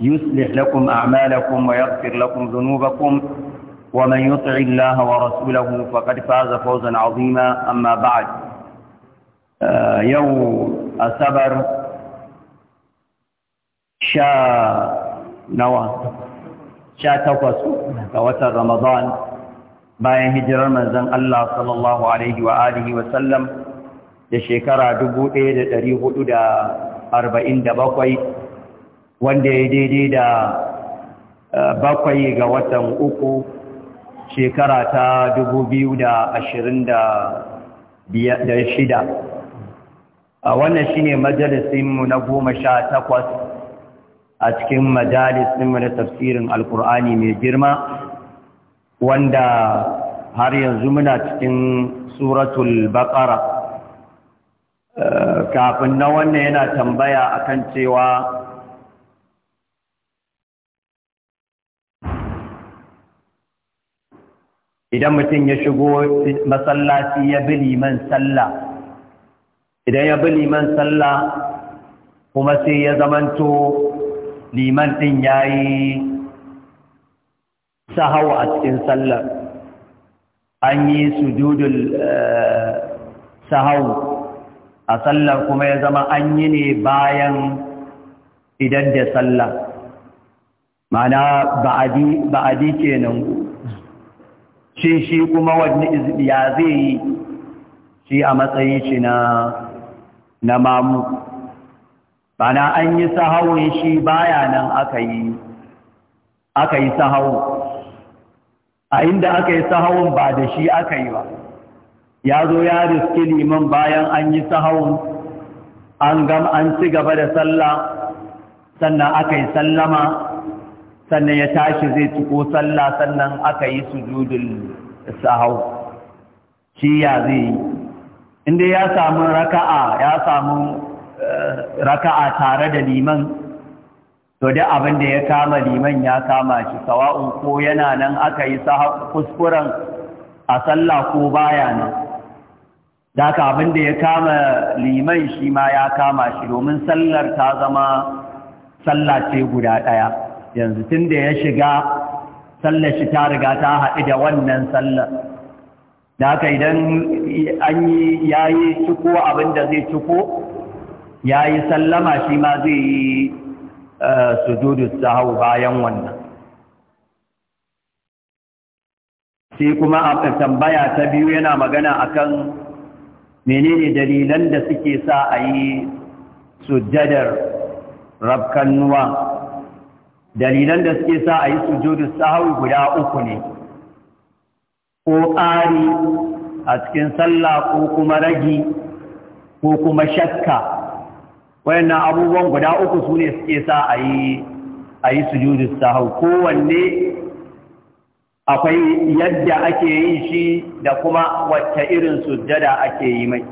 يصلح لكم أعمالكم ويغفر لكم ذنوبكم ومن يطع الله ورسوله فقد فاز فوزا عظيما أما بعد آه، يوم السبر شاء نوى شاء توقس توتر رمضان باية هجر رمضان الله صلى الله عليه وآله وسلم لشكرا دبو إيد تريه أربعين دبقوي wanda ya daidai da eh, bakwai ga watan uku shekara ta dubu biyu da ashirin da shida a wannan shine majalisinmu na goma sha takwas a cikin majalisinmu na tafsirin alkur'ani mai girma wanda har yanzu muna cikin suratul baqara eh, kafin na wannan yana tambaya akan cewa idan mutum ya shigo masallaci ya bi liman sallah idan ya bi liman sallah kuma sai ya zamanto liman din ya yi sahau a cikin sallar an yi sujudul eh, sahau a sallar kuma ya zama an yi ne bayan idan da sallah ma'ana ba'adi kenan shi shi kuma wani izbi ya zai yi shi a matsayin shi na na mamu bana an yi sahawun shi baya nan aka yi aka yi sahawun a inda aka yi sahawun ba da shi aka yi ba ya zo ya riski liman bayan an yi sahawun an gam an ci gaba da sallah sannan aka yi sallama sannan ya tashi zai ciko sallah sannan aka yi sujudul sahau shi ya zai yi inda ya samu raka'a ya samu eh, raka'a tare da liman to da abin da ya kama liman ya kama shi sawa'un ko yana nan aka yi kuskuren a sallah ko baya nan da ka abin da ya kama liman shi ma ya kama shi domin sallar ta zama sallah ce guda ɗaya yanzu tun da ya shiga sallar shi ta riga ta haɗu da wannan sallar da aka idan an yi ya yi ciko abinda zai ciko ya yi sallama shi ma zai yi eh, sujudu hau bayan wannan sai kuma a tambaya ta biyu yana magana akan menene dalilan da suke sa a yi sujjadar rabkannuwa dalilan da suke sa a yi sujudu sahawi guda uku ne ko ƙari a cikin sallah ko kuma ragi ko kuma shakka wayannan abubuwan guda uku su ne suke sa a yi a yi sujudu sahawi kowanne akwai yadda ake yi shi da kuma wacce irin sujada ake yi mai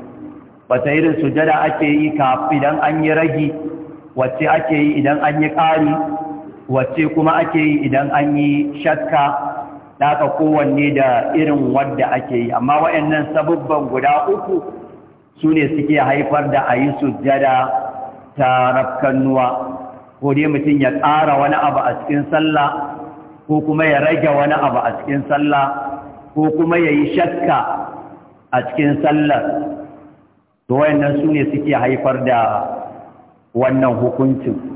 wata irin sujada ake yi idan an yi ragi wacce ake yi idan an yi ƙari Wace kuma ake yi idan an yi shakka daga kowanne da irin wadda ake yi amma waɗannan sabubban guda uku su ne suke haifar da a yi sujjada ta rafkannuwa ko dai mutum ya ƙara wani abu a cikin sallah ko kuma ya rage wani abu a cikin sallah ko kuma ya yi shakka a cikin sallar to waɗannan su ne suke haifar da wannan hukuncin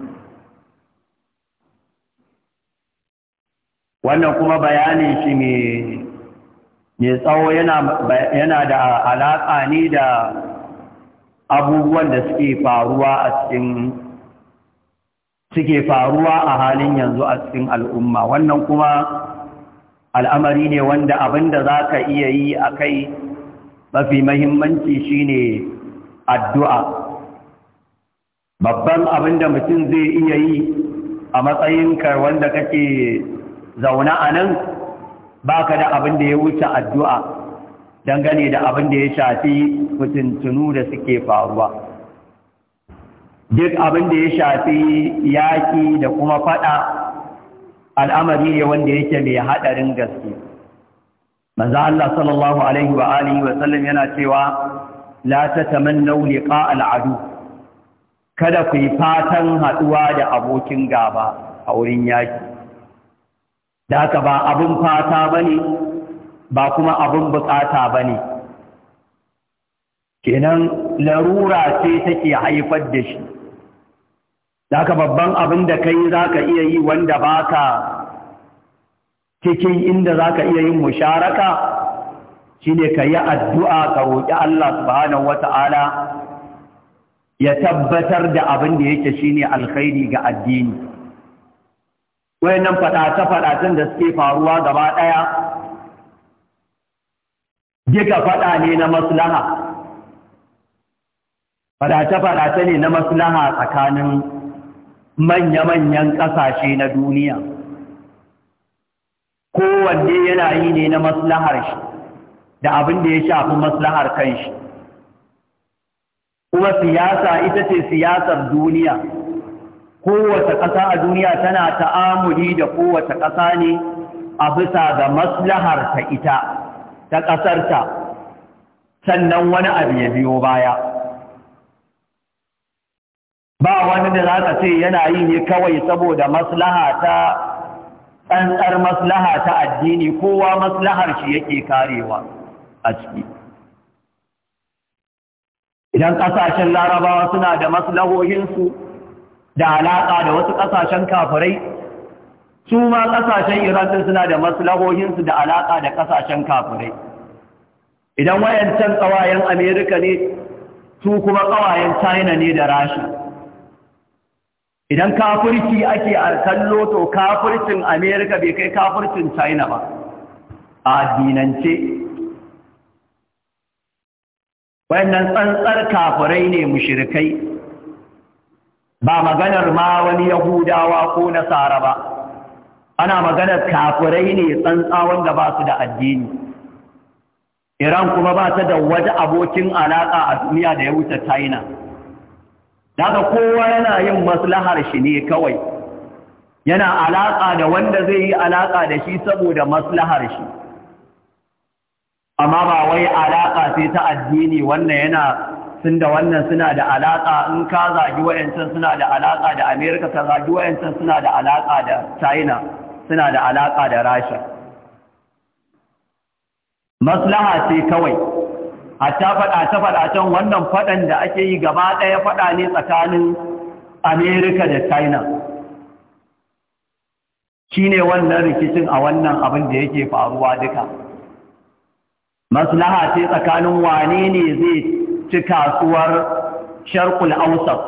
wannan kuma bayanin shi mai tsawo yana da alaƙa ne da abubuwan da suke faruwa a cikin suke faruwa a halin yanzu a cikin al'umma wannan kuma al'amari ne wanda abinda za ka iya yi a kai mafi mahimmanci shine addu'a babban da mutum zai iya yi a matsayinka wanda kake zauna a nan ba ka da abin da ya wuce addu'a dangane da abin da ya shafi mutuntunu da suke faruwa duk abin da ya shafi yaƙi da kuma faɗa al'amari ne wanda yake mai haɗarin gaske manzo Allah sallallahu alaihi wa alihi wa sallam yana cewa la tatamannu liqa al'adu kada ku yi fatan haɗuwa da abokin gaba a wurin yaƙi da haka ba abin fata ba ne ba kuma abin bukata ba ne kenan larura ce take haifar da shi da haka babban abin da kai za ka iya yi wanda ba ka cikin inda za ka iya yin musharaka shi ne ka yi addu'a ka roƙi Allah subhanahu wata'ala ya tabbatar da abin da yake shi ne alkhairi ga addini wayannan faɗace-faɗacen da suke faruwa gaba ɗaya duka faɗa ne na maslaha faɗace-faɗace ne na maslaha tsakanin manya-manyan ƙasashe na duniya kowanne yana yi ne na maslahar shi da abin da ya shafi maslahar shi. kuma siyasa ita ce siyasar duniya kowace ƙasa a duniya tana ta'amuli da kowace ƙasa ne a bisa ga maslahar ta ita ta ƙasarta sannan wani abu ya biyo baya ba wani da za ka ce yana yi ne kawai saboda maslaha ta tsantsar maslaha ta addini kowa maslahar shi yake karewa a ciki idan ƙasashen larabawa suna da maslahohinsu da alaƙa da wasu ƙasashen kafirai su ma ƙasashen iran ɗin suna da maslahohinsu da alaƙa da ƙasashen kafirai idan wayancan ƙawayen amerika ne su kuma ƙawayen china ne da rasha idan kafirci ake a kallo to kafircin amerika bai kai kafircin china ba a addinance wayannan tsantsar kafirai ne mushirikai. ba maganar ma wani yahudawa ko nasara ba ana maganar kafirai ne tsantsa wanda ba su da addini iran kuma ba ta da wata abokin alaƙa a duniya da ya wuce china daga kowa yana yin maslahar shi ne kawai yana alaƙa da wanda zai yi alaƙa da shi saboda maslahar shi amma ba wai alaƙa sai ta addini wannan yana sun da wannan suna da alaƙa in ka zagi wayancan suna da alaƙa da amerika ka zagi wayancan suna da alaƙa da china suna da alaƙa da rasha maslaha ce kawai a ta faɗa ta faɗacen wannan faɗan da ake yi gaba ɗaya faɗa ne tsakanin amerika da china shi ne wannan rikicin a wannan abin da yake faruwa duka maslaha ce tsakanin wane ne zai ci kasuwar sharkul ausat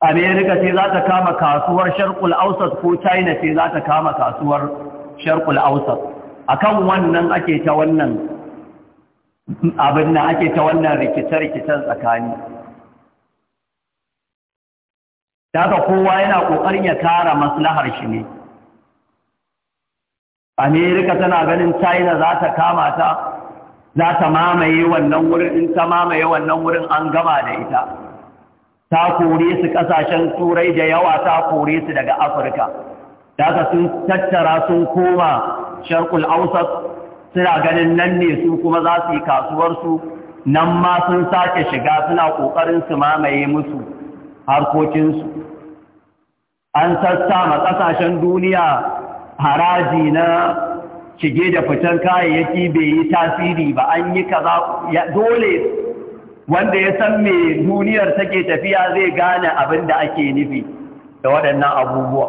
amerika ce za ta kama kasuwar sharkul ausat ko china ce za ta kama kasuwar sharkul ausat akan wannan ake ta wannan abin nan ake ta wannan rikice-rikicen tsakani daga kowa yana ƙoƙarin ya kara maslahar shi ne amerika tana ganin china za ta kama ta za ta mamaye wannan wurin in ta mamaye wannan wurin an gama da ita ta kore su kasashen turai da yawa ta kore su daga afirka daga sun tattara sun koma sharkul ausat suna ganin nan ne su kuma za su yi kasuwarsu nan ma sun sake shiga suna ƙoƙarin su mamaye musu harkokinsu an sassa ma ƙasashen duniya haraji na shige da fitan kayayyaki bai yi tasiri ba an yi kaza dole wanda ya san me duniyar take tafiya zai gane abin da ake nufi da waɗannan abubuwa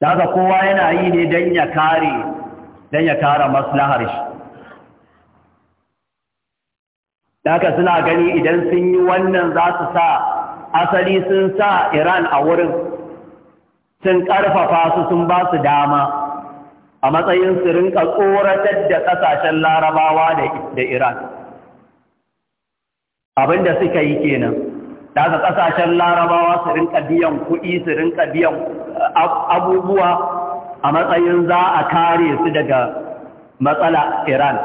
daga kowa yana yi ne don ya kare don ya kare maslahar shi daga suna gani idan sun yi wannan za su sa asali sun sa iran a wurin sun ƙarfafa su sun ba su dama a matsayin su rinka tsoratar da ƙasashen larabawa da iran abinda suka yi kenan daga ƙasashen larabawa su rinka biyan kuɗi su rinka biyan abubuwa a matsayin za a kare su daga matsala iran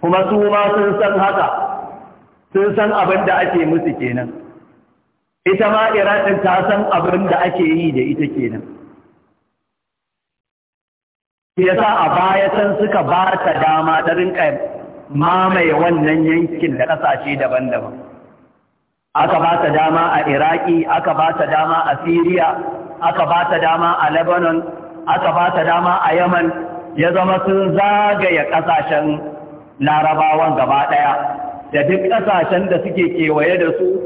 kuma su ma sun san haka sun san abin da ake musu kenan ita ma iran ta san abin da ake yi da ita kenan Ya sa a baya can suka ba ta dama ta rinka mamaye wannan yankin da ƙasashe daban-daban aka ba ta dama a iraki aka ba ta dama a siriya aka ba ta dama a lebanon aka ba ta dama a yaman ya zama sun zagaya ƙasashen larabawan gaba ɗaya da duk ƙasashen da suke kewaye da su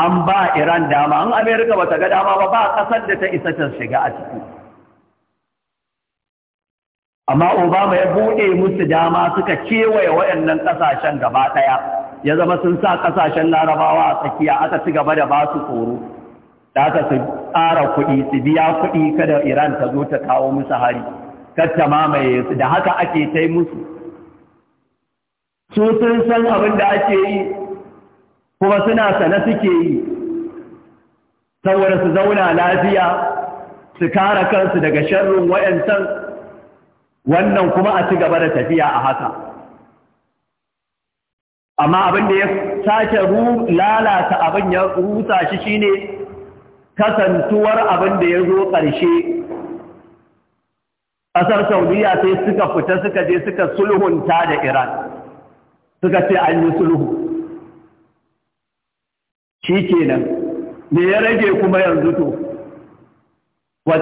an ba iran dama an amerika ba ta ga dama ba ba ƙasar da ta isa ta shiga a ciki amma obama ya buɗe musu dama suka kewaye waɗannan ƙasashen gaba ɗaya ya zama sun sa ƙasashen larabawa a tsakiya aka ci gaba da ba su tsoro da aka su ƙara kuɗi su biya kuɗi kada iran ta zo ta kawo musu hari kar mamaye su da haka ake tai musu su sun san abin da ake yi kuma suna sane suke yi saboda su zauna lafiya su kare kansu daga sharrin wayancan wannan kuma a ci gaba da tafiya a haka amma abin da ya sake lalata abin ya rusa shi shine kasantuwar abin da ya zo ƙarshe ƙasar saudiya sai suka fita suka je suka sulhunta da iran suka ce an yi sulhu shi kenan me ya rage kuma yanzu to a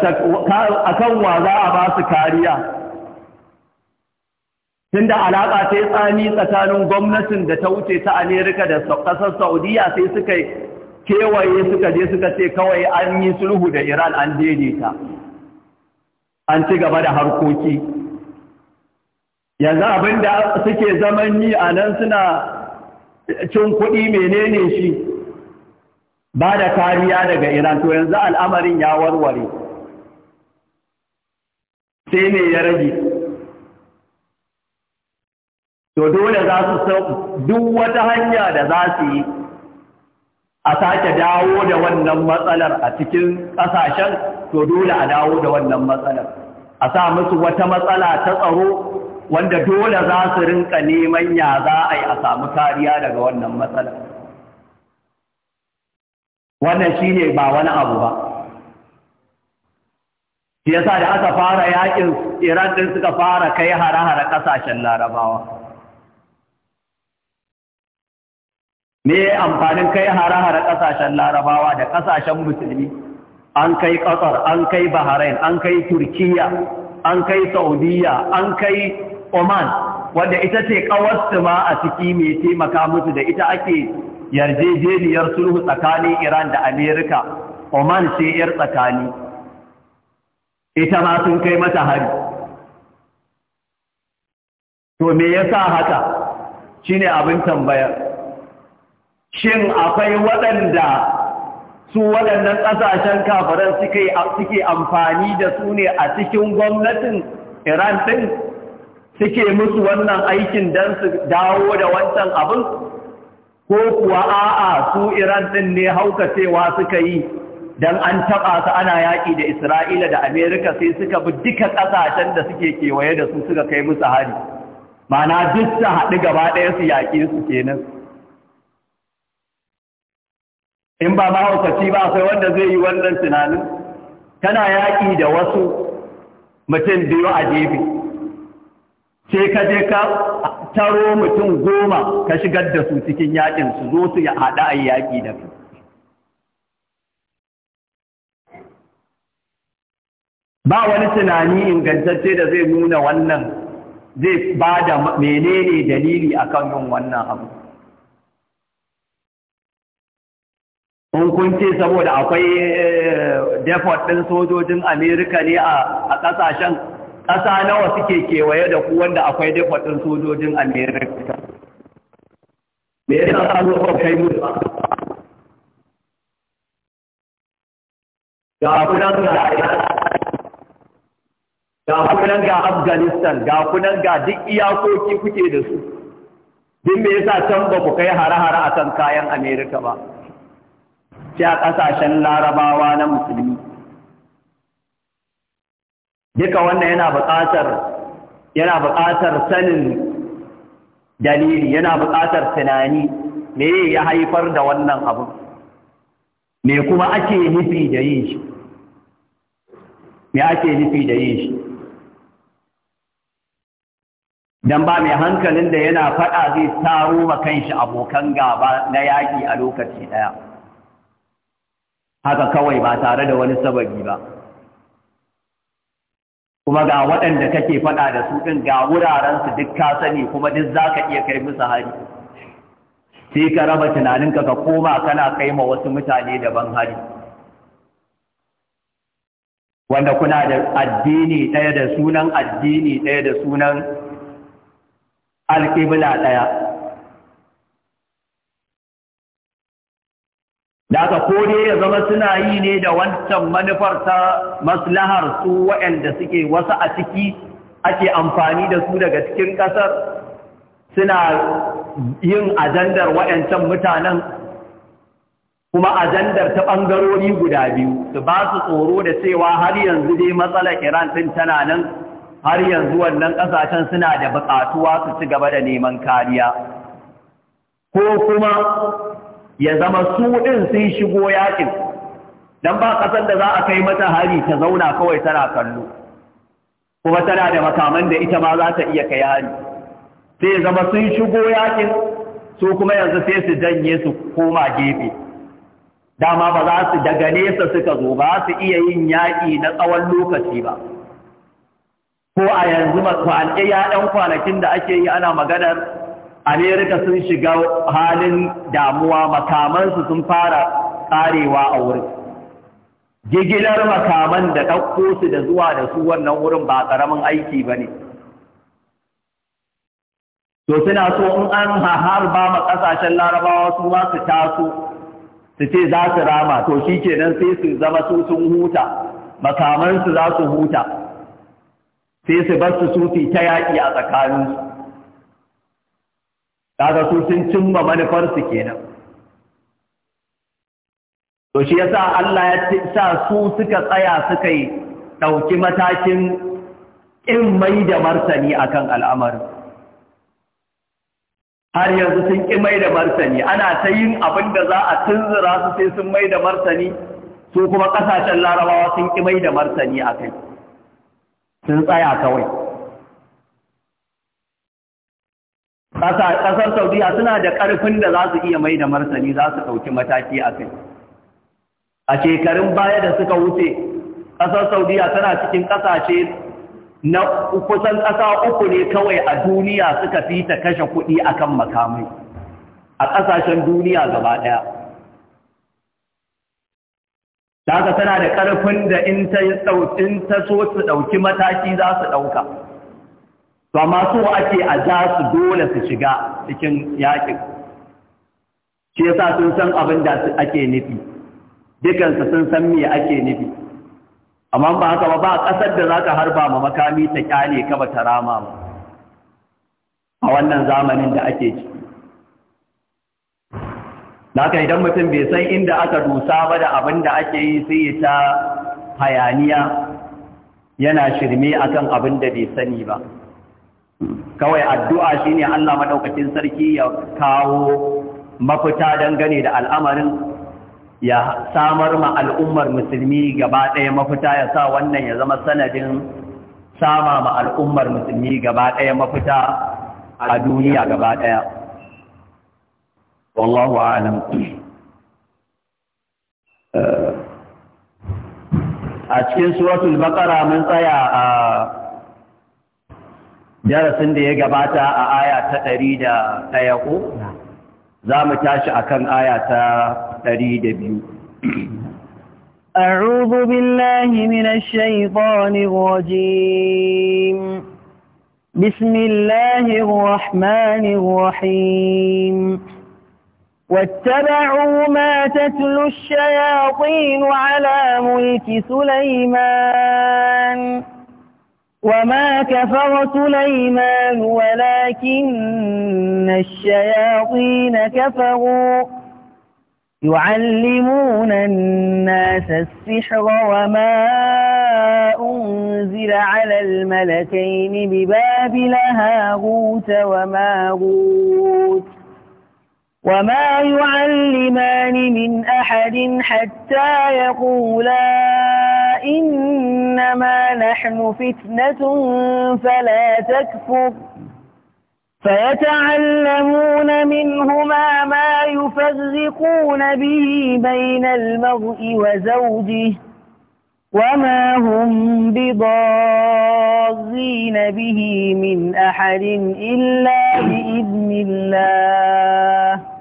kan wa za a ba su kariya tunda alaƙa ta yi tsani tsakanin gwamnatin da ta wuce ta amerika da ƙasar saudiya sai suka kewaye suka je suka ce kawai an yi sulhu da iran an daidaita an ci gaba da harkoki yanzu abin da suke zaman yi a nan suna cin kuɗi menene shi ba da kariya daga iran to yanzu al'amarin ya warware sai ne ya rage to dole za su san duk wata hanya da za su yi a sake dawo da wannan matsalar a cikin ƙasashen to dole a dawo da wannan matsalar a sa musu wata matsala ta tsaro wanda dole za su rinka neman ya za a yi a samu kariya daga wannan matsalar wannan shi ne ba wani abu ba shi yasa da aka fara yaƙin iran ɗin suka fara kai hare-hare ƙasashen larabawa me amfanin kai hare-hare ƙasashen larabawa da ƙasashen musulmi an kai ƙasar an kai bahrain an kai turkiya an kai saudiya an kai oman wadda ita ce ƙawarsu ma a ciki mai taimaka musu da ita ake yarjejeniyar sulhu tsakanin iran da amerika oman sai yar tsakani ita ma sun kai mata hari to me yasa haka shine abin tambayar shin akwai waɗanda su waɗannan ƙasashen kafaran suke amfani da su ne a cikin gwamnatin iran ɗin suke musu wannan aikin don su dawo da wancan abin ko kuwa a'a su iran ɗin ne haukacewa suka yi don an taɓa su ana yaƙi da isra'ila da amerika sai suka bi duka ƙasashen da suke kewaye da su suka kai musu hari mana duk su haɗu gaba ɗaya su yaƙe su kenan in ba mahaukaci ba akwai wanda zai yi wannan tunanin tana yaƙi da wasu mutum biyu a jefi sai ka je ka taro mutum goma ka shigar da su cikin yaƙin su zo su haɗa a yaƙi da su ba wani tunani ingantacce da zai nuna wannan zai ba da menene dalili akan yin wannan abu kunkunci saboda akwai eh, depot ɗin sojojin amerika ne a ƙasashen ƙasa nawa suke kewaye da ku wanda akwai depot ɗin sojojin amerika me yasa sa zo kai mu ga kunan ga ga kunan ga afghanistan ga kunan ga duk iyakoki kuke da su duk me yasa can ba ku kai hare-hare a kan kayan amerika ba sai a ƙasashen larabawa na musulmi duka wannan yana buƙatar yana buƙatar sanin dalili yana buƙatar tunani me ya haifar da wannan abu me kuma ake nufi da yin shi me ake nufi da yin shi dan ba mai hankalin da yana faɗa zai taro ma kanshi abokan gaba na yaƙi a lokaci ɗaya haka kawai ba tare da wani sababi ba kuma ga waɗanda kake faɗa da su ɗin ga wurarensu duk ka sani kuma duk za ka iya kai musu hari sai ka raba tunaninka ka koma kana kai ma wasu mutane daban hari wanda kuna da addini ɗaya da sunan addini ɗaya da sunan alƙibla ɗaya da aka kore ya zama suna yi ne da wancan manufar ta maslahar su waɗanda suke wasu a ciki ake amfani da su daga cikin ƙasar suna yin ajandar waɗancan mutanen kuma ajandar ta ɓangarori guda biyu su ba su tsoro da cewa har yanzu dai matsalar iran ɗin tana nan har yanzu wannan ƙasashen suna da buƙatuwa su ci gaba da neman kariya ko kuma ya zama su ɗin sun shigo yakin don ba ƙasar da za a kai mata hari ta zauna kawai tana kallo kuma tana da makaman da ita ma za ta iya kai hari sai ya zama sun shigo yakin su kuma yanzu sai su janye su koma gefe dama ba za su daga nesa suka zo ba su iya yin yaƙi na tsawon lokaci ba ko a yanzu masu ya ɗan kwanakin da ake yi ana maganar amerika sun shiga halin damuwa makamansu sun fara karewa a wurin gigilar makaman da ɗauko su da zuwa da su wannan wurin ba ƙaramin aiki ba ne to suna so in an har ba ma ƙasashen larabawa su ma su taso su ce za su rama to shi kenan sai su zama su sun huta makamansu za su huta sai su bar su sufi ta yaƙi a tsakaninsu kaga su sun cimma manufarsu kenan to shi yasa Allah ya sa su suka tsaya suka yi ɗauki matakin kin mai da martani akan al'amarin har yanzu sun ƙi mai da martani ana ta yin abin da za a tunzura su sai sun mai da martani su kuma ƙasashen larabawa sun ƙi mai da martani a sun tsaya kawai Kasar saudiya suna da ƙarfin da za su iya mai da martani za su ɗauki mataki a kai a shekarun baya da suka wuce ƙasar saudiya tana cikin ƙasashe na kusan ƙasa uku ne kawai a duniya suka fi ta kashe kuɗi akan makamai a ƙasashen duniya gaba ɗaya ka tana da ƙarfin da in ta so su ɗauki mataki za su ɗauka. to amma so ake a ja su dole su shiga cikin yakin ke sa sun san abin da ake nufi dukansu sun san me ake nufi amma ba haka ba ba ƙasar da za ka harba ma makami ta kyale ka ba ta ba a wannan zamanin da ake ciki Laka idan mutum bai san inda aka dusa ba da abin da ake yi sai ya ta hayaniya yana shirme akan abin da bai sani ba. kawai addu'a shi ne Allah maɗaukacin sarki ya kawo mafita dangane da al'amarin ya samar ma al'ummar musulmi gaba ɗaya mafita ya sa wannan ya zama sanadin sama ma al'ummar musulmi gaba ɗaya mafita a duniya gaba ɗaya wallahu alam eh, a cikin suratul bakara mun tsaya a darasin da ya gabata a aya ta ɗari da ɗaya ko za mu tashi a kan aya ta ɗari da biyu أعوذ بالله من الشيطان الرجيم بسم الله الرحمن الرحيم واتبعوا ما تتلو الشياطين على ملك سليمان وما كفر سليمان ولكن الشياطين كفروا يعلمون الناس السحر وما أنزل على الملكين ببابل هاغوت وماغوت وما يعلمان من أحد حتى يقولا إنما نحن فتنة فلا تكفر فيتعلمون منهما ما يفرقون به بين المرء وزوجه وما هم بضارين به من أحد إلا بإذن الله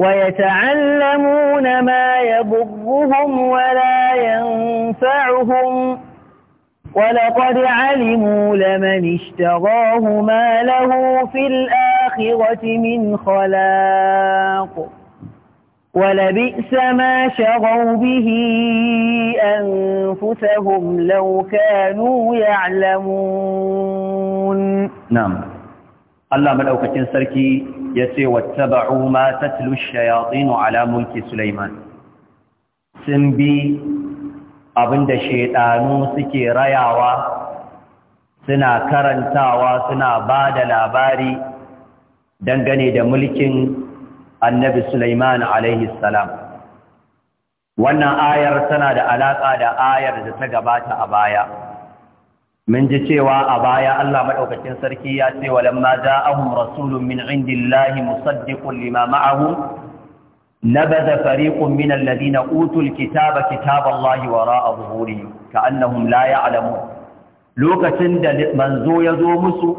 ويتعلمون ما يضرهم ولا ينفعهم ولقد علموا لمن اشتراه ما له في الآخرة من خلاق ولبئس ما شروا به أنفسهم لو كانوا يعلمون نعم الله ملأوكة تنسركي yace wattaba'u ma tatlu ash ala mulki Sulaiman sun bi abinda shedanu suke rayawa suna karantawa suna bada labari dangane da mulkin annabi Sulaiman alaihi salam wannan ayar tana da alaka da ayar da ta gabata a baya mun ji cewa a baya Allah Maɗaukacin sarki ya ce walamma ja'ahum rasulun min indillahi musaddikun lima ma'ahum nabadha fariqun min alladhina utul kitaba kitaballahi wara'a zuhurihim ka'annahum la ya'lamun lokacin da manzo ya zo musu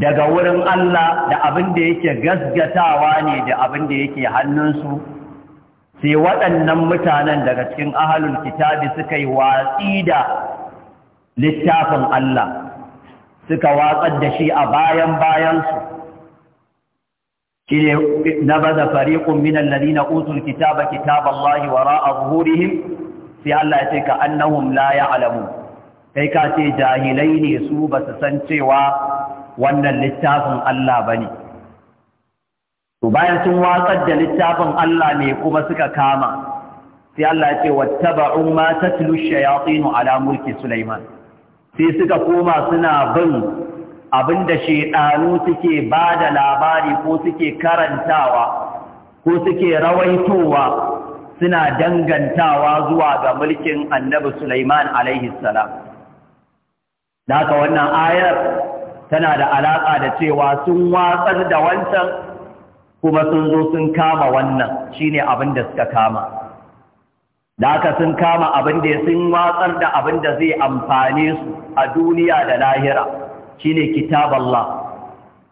daga wurin Allah da abin da yake gasgatawa ne da abin da yake hannunsu sai waɗannan mutanen daga cikin ahalul kitabi suka yi watsi da littafin Allah suka watsar da shi a bayan bayansu shine nabaza fariqun min alladhina utul kitaba kitaballahi wara'a zuhurihim sai Allah ya ce ka annahum la ya'lamun kai ka ce jahilai ne su ba su san cewa wannan littafin Allah bane to bayan sun watsar da littafin Allah ne kuma suka kama sai Allah ya ce wattaba'u ma tatlu ash-shayatin ala mulki Sulaiman sai suka koma suna bin abin abinda shaidanu suke ba da labari ko suke karantawa ko suke rawaitowa suna dangantawa zuwa ga mulkin annabi Sulaiman alaihi salam. Daka wannan ayar tana da alaƙa da cewa sun watsar da wancan kuma sun zo sun kama wannan shine abin da suka kama. da aka sun kama abin da sun watsar da abin da zai amfane su a duniya da lahira shine kitab Allah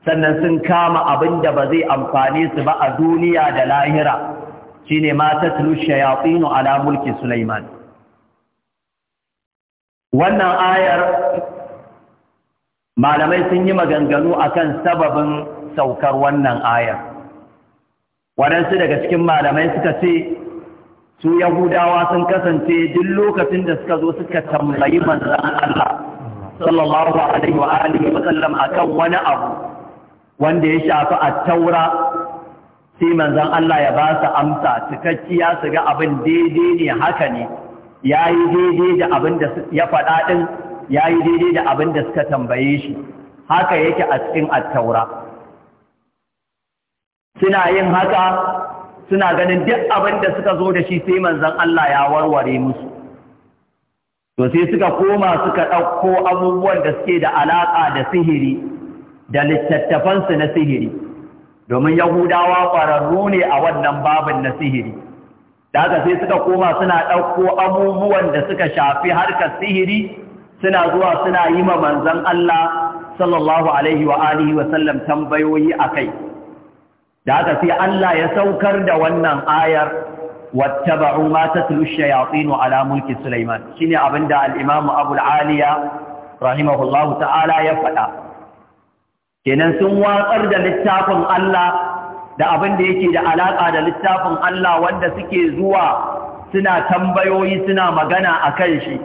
sannan sun kama abin da ba zai amfane su ba a duniya da lahira shine ma tatlu shayatin ala mulki Sulaiman wannan ayar malamai sun yi maganganu akan sababin saukar wannan ayar waɗansu daga cikin malamai suka ce su yahudawa sun kasance duk lokacin da suka zo suka tambayi manzan Allah sallallahu alaihi wa alihi wa sallam akan wani abu wanda ya shafi at-taura sai manzan Allah ya ba su amsa cikakkiya su ga abin daidai ne haka ne yayi daidai da abin da ya faɗa din yayi daidai da abin da suka tambaye shi haka yake a cikin at-taura suna yin haka suna ganin duk abin da suka zo da shi sai manzan Allah ya warware musu to sai suka koma suka ɗauko abubuwan da suke da alaƙa da sihiri da littattafansu na sihiri domin yahudawa ƙwararru ne a wannan babin na sihiri da sai suka koma suna ɗauko abubuwan da suka shafi harkar sihiri suna zuwa suna yi ma manzan Allah sallallahu alaihi wa wa sallam tambayoyi a kai da haka sai Allah ya saukar da wannan ayar wattaba'u ma tatlu ash-shayatin ala mulki Sulaiman shine abinda al-Imam Abu al-Aliya rahimahullahu ta'ala ya faɗa kenan sun watsar da littafin Allah da abinda yake da alaka da littafin Allah wanda suke zuwa suna tambayoyi suna magana akan shi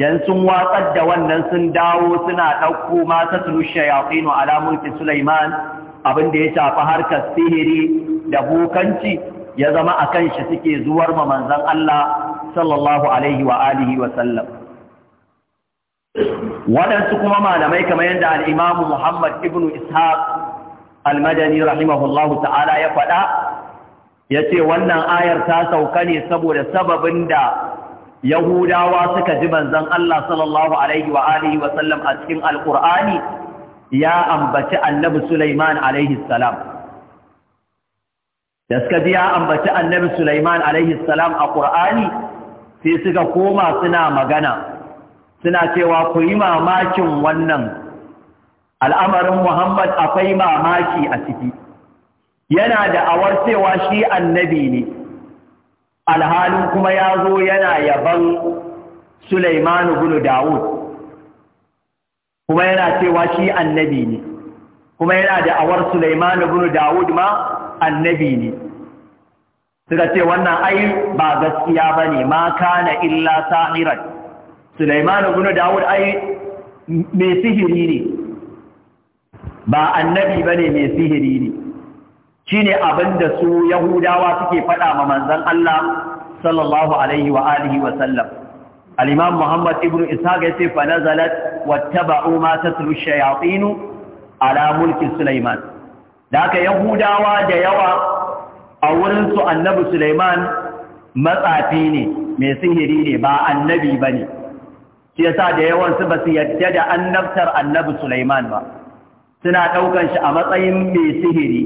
yan sun watsar da wannan sun dawo suna dauko ma tatlu ash-shayatin ala mulki Sulaiman abin da ya shafi harkar sihiri da bukanci ya zama a kan shi suke zuwar ma manzan Allah sallallahu alaihi wa alihi wa sallam waɗansu kuma malamai kamar yadda al'imamu Muhammad ibn Ishaq al-Madani rahimahullahu ta'ala ya faɗa ya ce wannan ayar ta sauka ne saboda sababin da Yahudawa suka ji manzan Allah sallallahu alaihi wa alihi wa sallam a cikin Alƙur'ani ya ambaci annabi Sulaiman alaihi salam da suka ji ya ambaci annabi Sulaiman alaihi salam a Qur'ani sai suka koma suna magana suna cewa ku yi mamakin wannan al'amarin Muhammad akwai mamaki a ciki yana da awar cewa shi annabi ne alhalin kuma ya zo yana yaban Sulaiman ibn Dawud kuma yana cewa shi annabi ne kuma yana da awar Sulaiman ibn Dawud ma annabi ne suka ce wannan ai ba gaskiya bane ma kana illa sahiran Sulaiman ibn Dawud ai mai sihiri ne ba annabi bane mai sihiri ne shine abinda su Yahudawa suke faɗa ma manzon Allah sallallahu alaihi wa alihi wa sallam al muhammad ibnu ishaq yace fa nazalat wattaba'u ma tatlu shayatin mulki sulaiman da haka yahudawa da yawa a wurin su annabi sulaiman matsafi ne mai sihiri ne ba annabi bane shi yasa da yawan su basu yadda da annabtar annabi sulaiman ba suna daukan shi a matsayin mai sihiri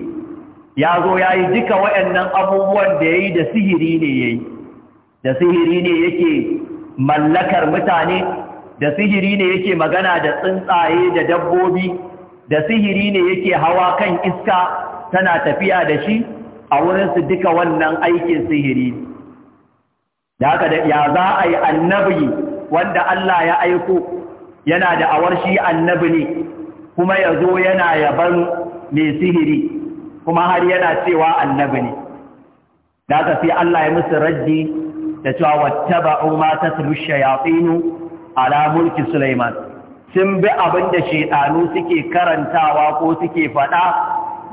ya zo ya yi duka waɗannan abubuwan da ya yi da sihiri ne ya yi da sihiri ne yake mallakar mutane da sihiri ne yake magana da tsuntsaye da dabbobi da sihiri ne yake hawa kan iska tana tafiya da shi a wurinsu duka wannan aikin sihiri da haka da ya za a yi annabi wanda Allah ya aiko yana da awar shi annabi ne kuma ya zo yana yaban mai sihiri kuma har yana cewa annabi ne da haka sai Allah ya musu raddi da cewa wattaba'u ma tatlu shayatin ala mulki Sulaiman sun bi abin da shedanu suke karantawa ko suke faɗa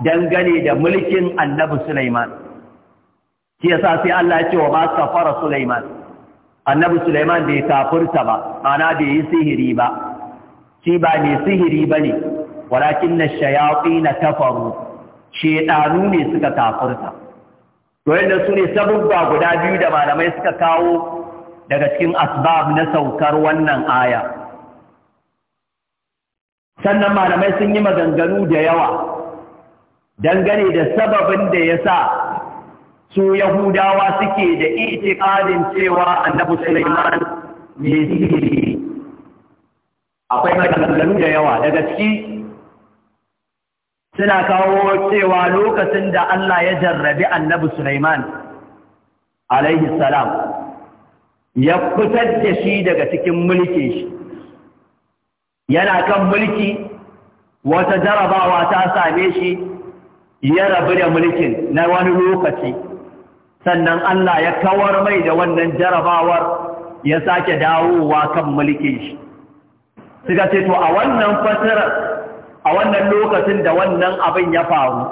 dangane da mulkin Annabi Sulaiman shi yasa sai Allah ya ce wa ma kafara Sulaiman Annabi Sulaiman bai kafirta ba ana bai yi sihiri ba shi ba mai sihiri bane walakin ash-shayatin kafaru shedanu ne suka kafirta to yadda su ne sabubba guda biyu da malamai suka kawo daga cikin asbab na saukar wannan aya sannan malamai sun yi maganganu da yawa dangane da sababin da ya sa su yahudawa suke da itikadin cewa annabi Sulaiman ne akwai maganganu da yawa daga ciki suna kawo cewa lokacin da Allah ya jarrabi annabi Sulaiman alaihi salam ya fitar da shi daga cikin mulkin shi yana kan mulki wata jarabawa ta same shi ya rabu da mulkin na wani lokaci sannan Allah ya kawar mai da wannan jarabawar ya sake dawowa kan mulkin shi suka ce to a wannan fasirar a wannan lokacin da wannan abin ya faru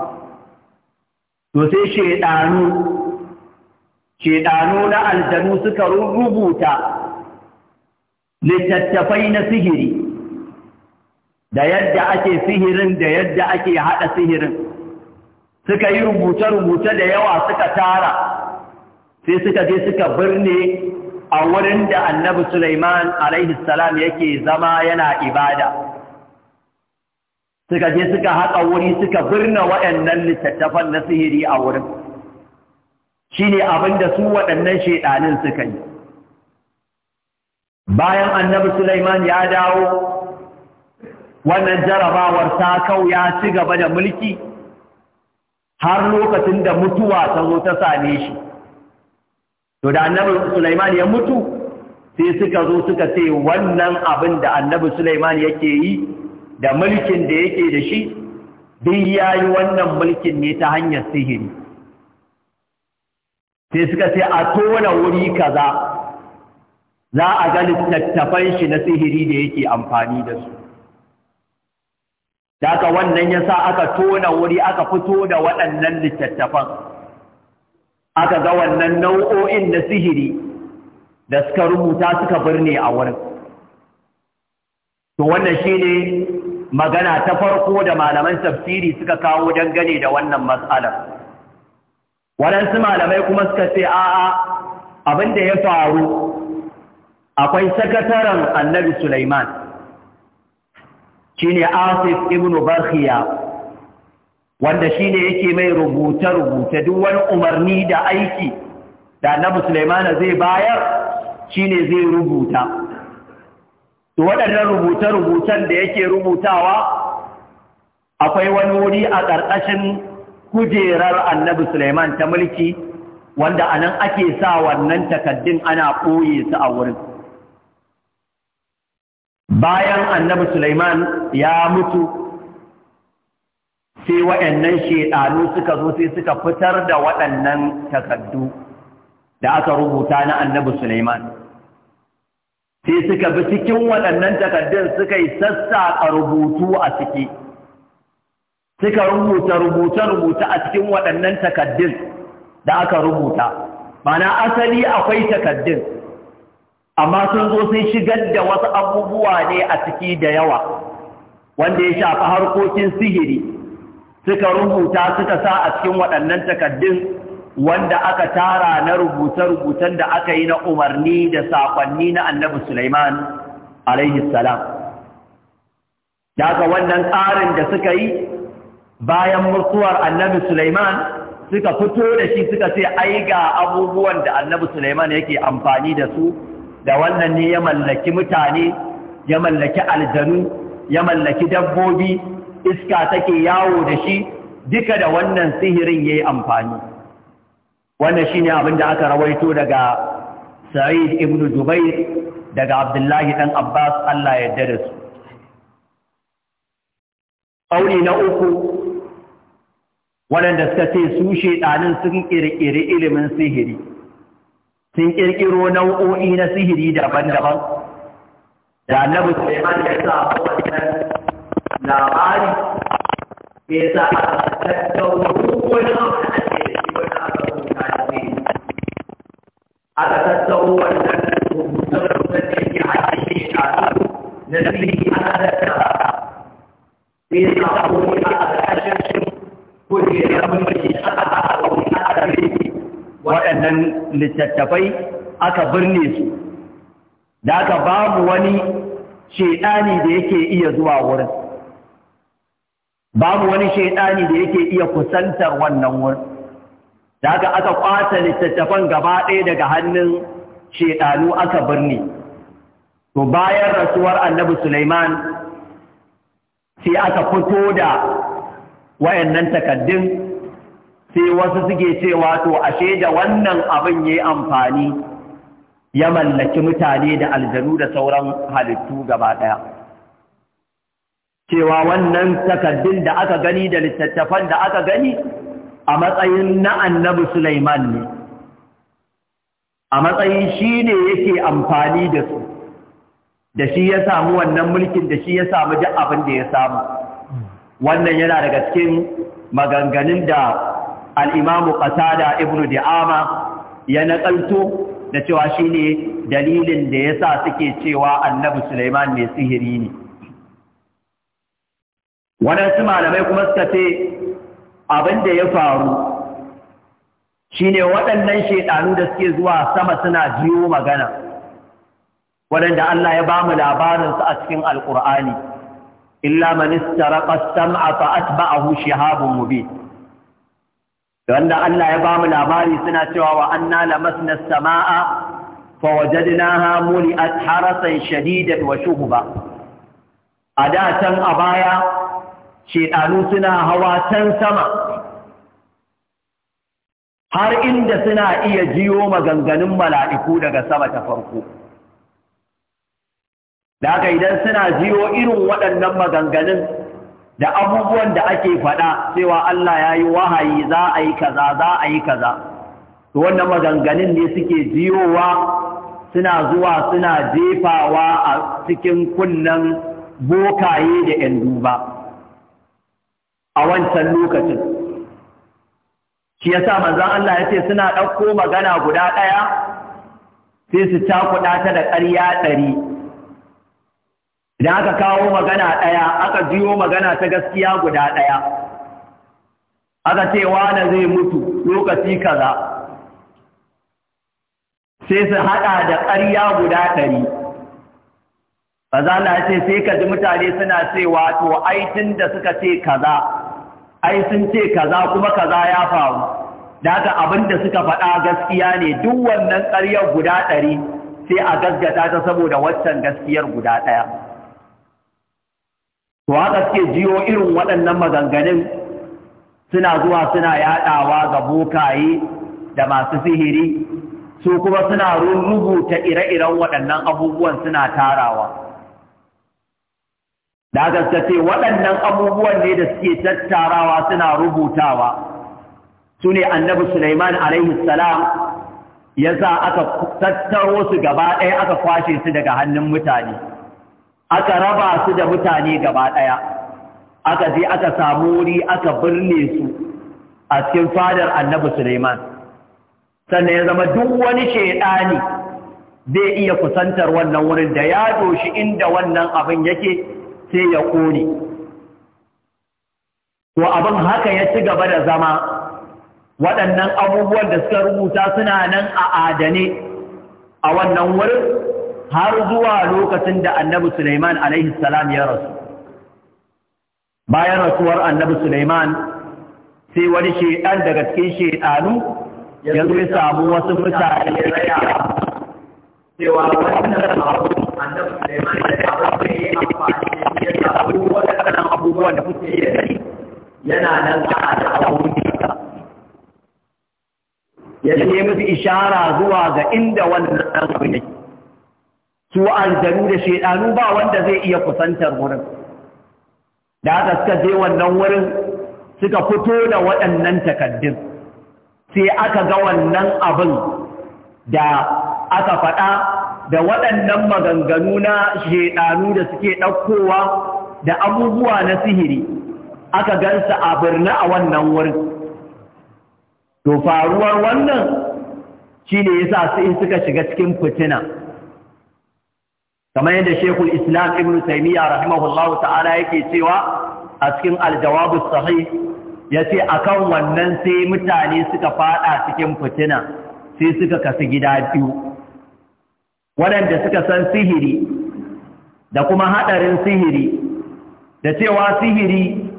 to sai shedanu shedanu na aljanu suka rubuta littattafai na sihiri da yadda ake sihirin da yadda ake haɗa sihirin suka yi rubuce-rubuce da yawa suka tara sai suka je suka birne a wurin da annabi Sulaiman alaihi yake zama yana ibada suka je suka haɗa wuri suka birna waɗannan littattafan na sihiri a wurin shi ne abin da su waɗannan shaiɗanin suka yi bayan annabi Sulaiman ya dawo wannan jarabawar ta kau ya ci gaba da mulki har lokacin da mutuwa ta zo ta same shi to da annabi Sulaiman ya mutu sai suka zo suka ce wannan abin da annabi Sulaiman yake yi da mulkin da yake da shi duk ya yi wannan mulkin ne ta hanyar sihiri sai suka ce a tona wuri kaza za a ga littattafan shi na sihiri da yake amfani da su daga wannan ya sa aka tona wuri aka fito da waɗannan littattafan aka ga wannan nau'o'in na sihiri da suka rubuta suka birne a wurin to wannan shi ne magana ta farko da malaman tafsiri suka kawo dangane da wannan matsalar waɗansu malamai kuma suka ce a'a abin da ya faru akwai sakataren annabi Sulaiman ne Asif ibn Barkhiya wanda shi ne yake mai rubuta-rubuta duk wani umarni da aiki da annabi Sulaiman zai bayar shi ne zai rubuta to waɗannan rubuce-rubucen da yake rubutawa akwai wani wuri a ƙarƙashin kujerar annabi Suleiman ta mulki wanda a nan ake sa wannan takaddun ana ɓoye su a wurin. Bayan annabi Suleiman ya mutu sai waɗannan shaiɗanu suka zo sai suka fitar da waɗannan takaddu da aka rubuta na annabi Suleiman. sai suka bi cikin waɗannan takardun suka yi a rubutu a ciki suka rubuta rubuta rubuta a cikin waɗannan takardun da aka rubuta mana asali akwai takardun amma sun zo sun shigar da wasu abubuwa ne a ciki da yawa wanda ya shafi harkokin sihiri suka rubuta suka sa a cikin waɗannan takardun wanda aka tara na rubuta rubucen da aka yi na umarni da saƙonni na annabi Sulaiman alaihi salam. Daga wannan tsarin da suka yi bayan mutuwar annabi Sulaiman suka fito da shi suka ce ai ga abubuwan da annabi Sulaiman yake amfani da su da wannan ne ya mallaki mutane, ya mallaki aljanu, ya mallaki dabbobi, iska take yawo da shi duka da wannan sihirin ya yi amfani. wannan shine abin da aka rawaito daga Sa'id ibn Jubair daga Abdullahi dan Abbas Allah ya yarda da su Ƙauli na uku waɗanda suka ce su shaiɗanin sun ƙirƙiri ilimin sihiri sun ƙirƙiro nau'o'i na sihiri daban-daban da annabi Sulaiman ya sa wannan labari ya sa a tattauna hukumar aka tattaro wannan rubuce-rubuce da yake haɗe a tsaro na zirgin ana da tsara sai ya samu wani a ƙasashen ko da ya zama mai tsara a wani a waɗannan littattafai aka birne su da aka babu wani shaidani da yake iya zuwa wurin babu wani shaidani da yake iya kusantar wannan wurin da aka aka kwata littattafan gaba ɗaya daga hannun shedanu aka birni to bayan rasuwar annabi Sulaiman sai aka fito da wayannan takaddun sai wasu suke cewa to ashe da wannan abin ya yi amfani ya mallaki mutane da aljanu da sauran halittu gaba ɗaya cewa wannan takaddun da aka gani da littattafan da aka gani a matsayin na annabi Sulaiman ne, a matsayin shi ne yake amfani da su, da shi ya samu wannan mulkin da shi ya samu duk abin da ya samu. Wannan yana daga cikin maganganun da al'imamu ƙasada Ibn Di'ama ya naƙalto da cewa shi ne dalilin da ya sa suke cewa annabi Sulaiman mai sihiri ne. su malamai kuma suka ce abin da ya faru shine waɗannan shaiɗanu da suke zuwa sama suna jiwo magana waɗanda Allah ya ba mu labarinsu a cikin alƙur'ani illa man istaraqa sam'a fa atba'ahu shihabun mubin wanda Allah ya ba mu labari suna cewa wa anna lamasna as sama'a fa wajadnaha muli'at harasan shadidan wa shuhuba a da can a baya shedanu suna hawa can sama har inda suna iya jiwo maganganun mala'iku daga sama ta farko da aka idan suna jiwo irin waɗannan maganganun da abubuwan da ake faɗa cewa Allah ya yi wahayi za a yi kaza za a yi kaza to wannan maganganun ne suke jiyowa suna zuwa suna jefawa a cikin kunnen bokaye da ‘yan duba. a wancan lokacin shi yasa manzon Allah ya ce suna ɗauko magana guda ɗaya sai su cakuɗa ta da ƙarya ɗari idan aka kawo magana ɗaya aka jiyo magana ta gaskiya guda ɗaya aka ce Wani zai mutu lokaci kaza sai su haɗa da ƙarya guda ɗari kaza na ce sai ka ji mutane suna cewa to ai da suka ce kaza ai sun ce kaza kuma kaza ya faru da haka abin da suka faɗa gaskiya ne duk wannan ƙaryar guda ɗari sai a gaskata ta saboda waccan gaskiyar guda ɗaya to haka suke jiyo irin waɗannan maganganun suna zuwa suna yaɗawa ga bokaye da masu sihiri su kuma suna rubuta ire-iren waɗannan abubuwan suna tarawa da haka ce waɗannan abubuwan ne da suke tattarawa suna rubutawa su ne annabi Sulaiman alaihi salam ya sa aka tattaro su gaba ɗaya aka kwashe su daga hannun mutane aka raba su da mutane gaba ɗaya aka je aka samu wuri aka birne su a cikin fadar annabi Sulaiman sannan ya zama duk wani shaidani zai iya kusantar wannan wurin da ya doshi inda wannan abin yake sai ya ƙone to abin haka ya ci gaba da zama waɗannan abubuwan da suka rubuta suna nan a adane a wannan wurin har zuwa lokacin da annabi Sulaiman alaihi salam ya rasu bayan rasuwar annabi Sulaiman sai wani shaidan daga cikin shaidanu ya zo ya samu wasu mutane raya cewa wannan abu annabi Sulaiman ya yi amfani abu abubuwan da kuke iya gani yana nan ya ce musu ishara zuwa ga inda wannan abu ne su aljanu da shaidanu ba wanda zai iya kusantar wurin da aka suka je wannan wurin suka fito da waɗannan takaddun sai aka ga wannan abin da aka faɗa da waɗannan maganganu na shaidanu da suke ɗaukowa da abubuwa na sihiri aka gansa a birni a wannan wurin to faruwar wannan shi ne ya sa su suka shiga cikin fitina kamar yadda shekul islam ibn taimiyya rahimahullahu ta'ala yake cewa a cikin aljawabu sahih ya ce a kan wannan sai mutane suka fada cikin fitina sai suka kasu gida biyu waɗanda suka san sihiri da kuma haɗarin sihiri da cewa sihiri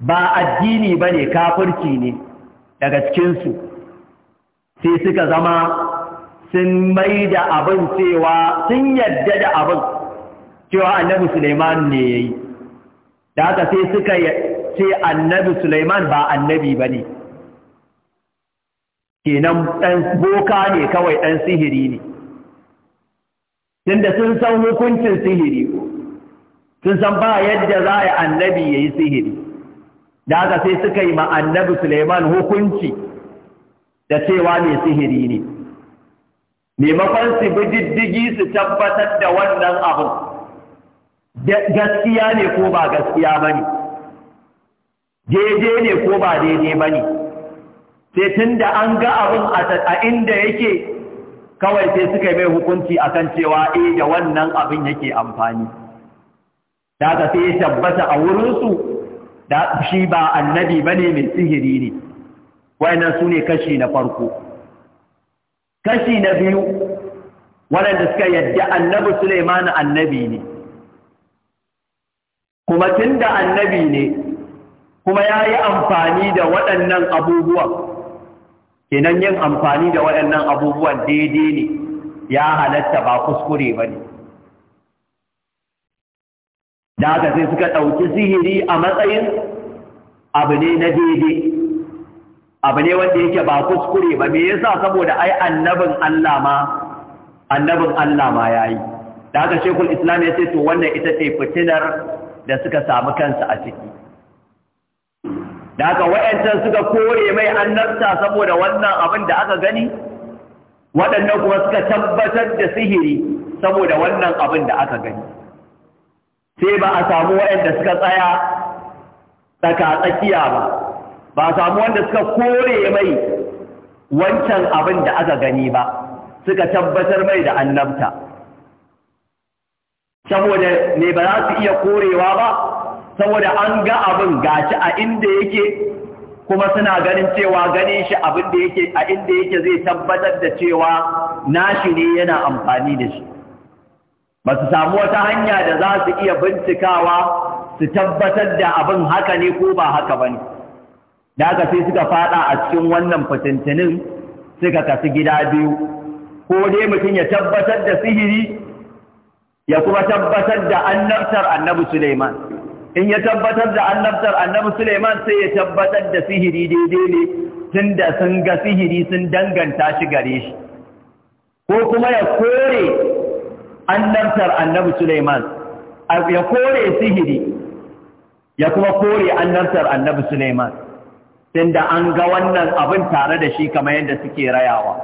ba addini ba ne kafirci ne daga cikinsu sai suka zama sun mai da abin cewa sun yadda da abin cewa annabi Suleiman ne ya yi da haka sai suka ce annabi Suleiman ba annabi ba ne Ke nan ɗan boka ne kawai ɗan sihiri ne tunda sun san hukuncin sihiri ko sun san ba yadda za a annabi ya yi sihiri da haka sai suka yi ma annabi suleiman hukunci da cewa mai sihiri ne maimakon su bi diddigi su tabbatar da wannan abin gaskiya ne ko ba gaskiya ba ne daidai ne ko ba daidai ba ne sai tun da an ga abin a inda yake kawai sai suka yi mai hukunci akan cewa eh da wannan abin yake amfani. da aka sai ya tabbata a wurinsu da shi ba annabi ba ne mai sihiri ne wayannan su ne kashi na farko kashi na biyu waɗanda suka yadda annabi suleiman annabi ne kuma tun da annabi ne kuma ya yi amfani da waɗannan abubuwan kenan yin amfani da waɗannan abubuwan daidai ne ya halatta ba kuskure ba ne da aka sai suka ɗauki sihiri a matsayin abu ne na daidai abu ne wanda yake ba kuskure ba me yasa saboda ai annabin Allah ma annabin Allah ma yayi da aka shekul islam ya ce to wannan ita ce fitinar da suka samu kansu a ciki da aka wayancan suka kore mai annabta saboda wannan abin da aka gani waɗannan kuma suka tabbatar da sihiri saboda wannan abin da aka gani sai ba a samu waɗanda suka tsaya tsaka tsakiya ba ba a samu wanda suka kore mai wancan abin da aka gani ba suka tabbatar mai da annabta saboda ne ba za su iya korewa ba saboda an ga abin gashi a inda yake kuma suna ganin cewa gani shi abin da yake a inda yake zai tabbatar da cewa nashi ne yana amfani da shi ba su samu wata hanya da za su iya bincikawa su tabbatar da abin haka ne ko ba haka ba ne da haka sai suka fada a cikin wannan fitintinin suka kasu gida biyu ko dai mutum ya tabbatar da sihiri ya kuma tabbatar da annabtar annabi Suleiman in ya tabbatar da annabtar annabi Suleiman sai ya tabbatar da sihiri daidai ne tun da sun ga sihiri sun danganta shi gare shi ko kuma ya kore An annabtar annabi Sulaiman ya kore sihiri ya kuma kore an annabtar annabi Sulaiman da an ga wannan abin tare da shi kamar yadda suke rayawa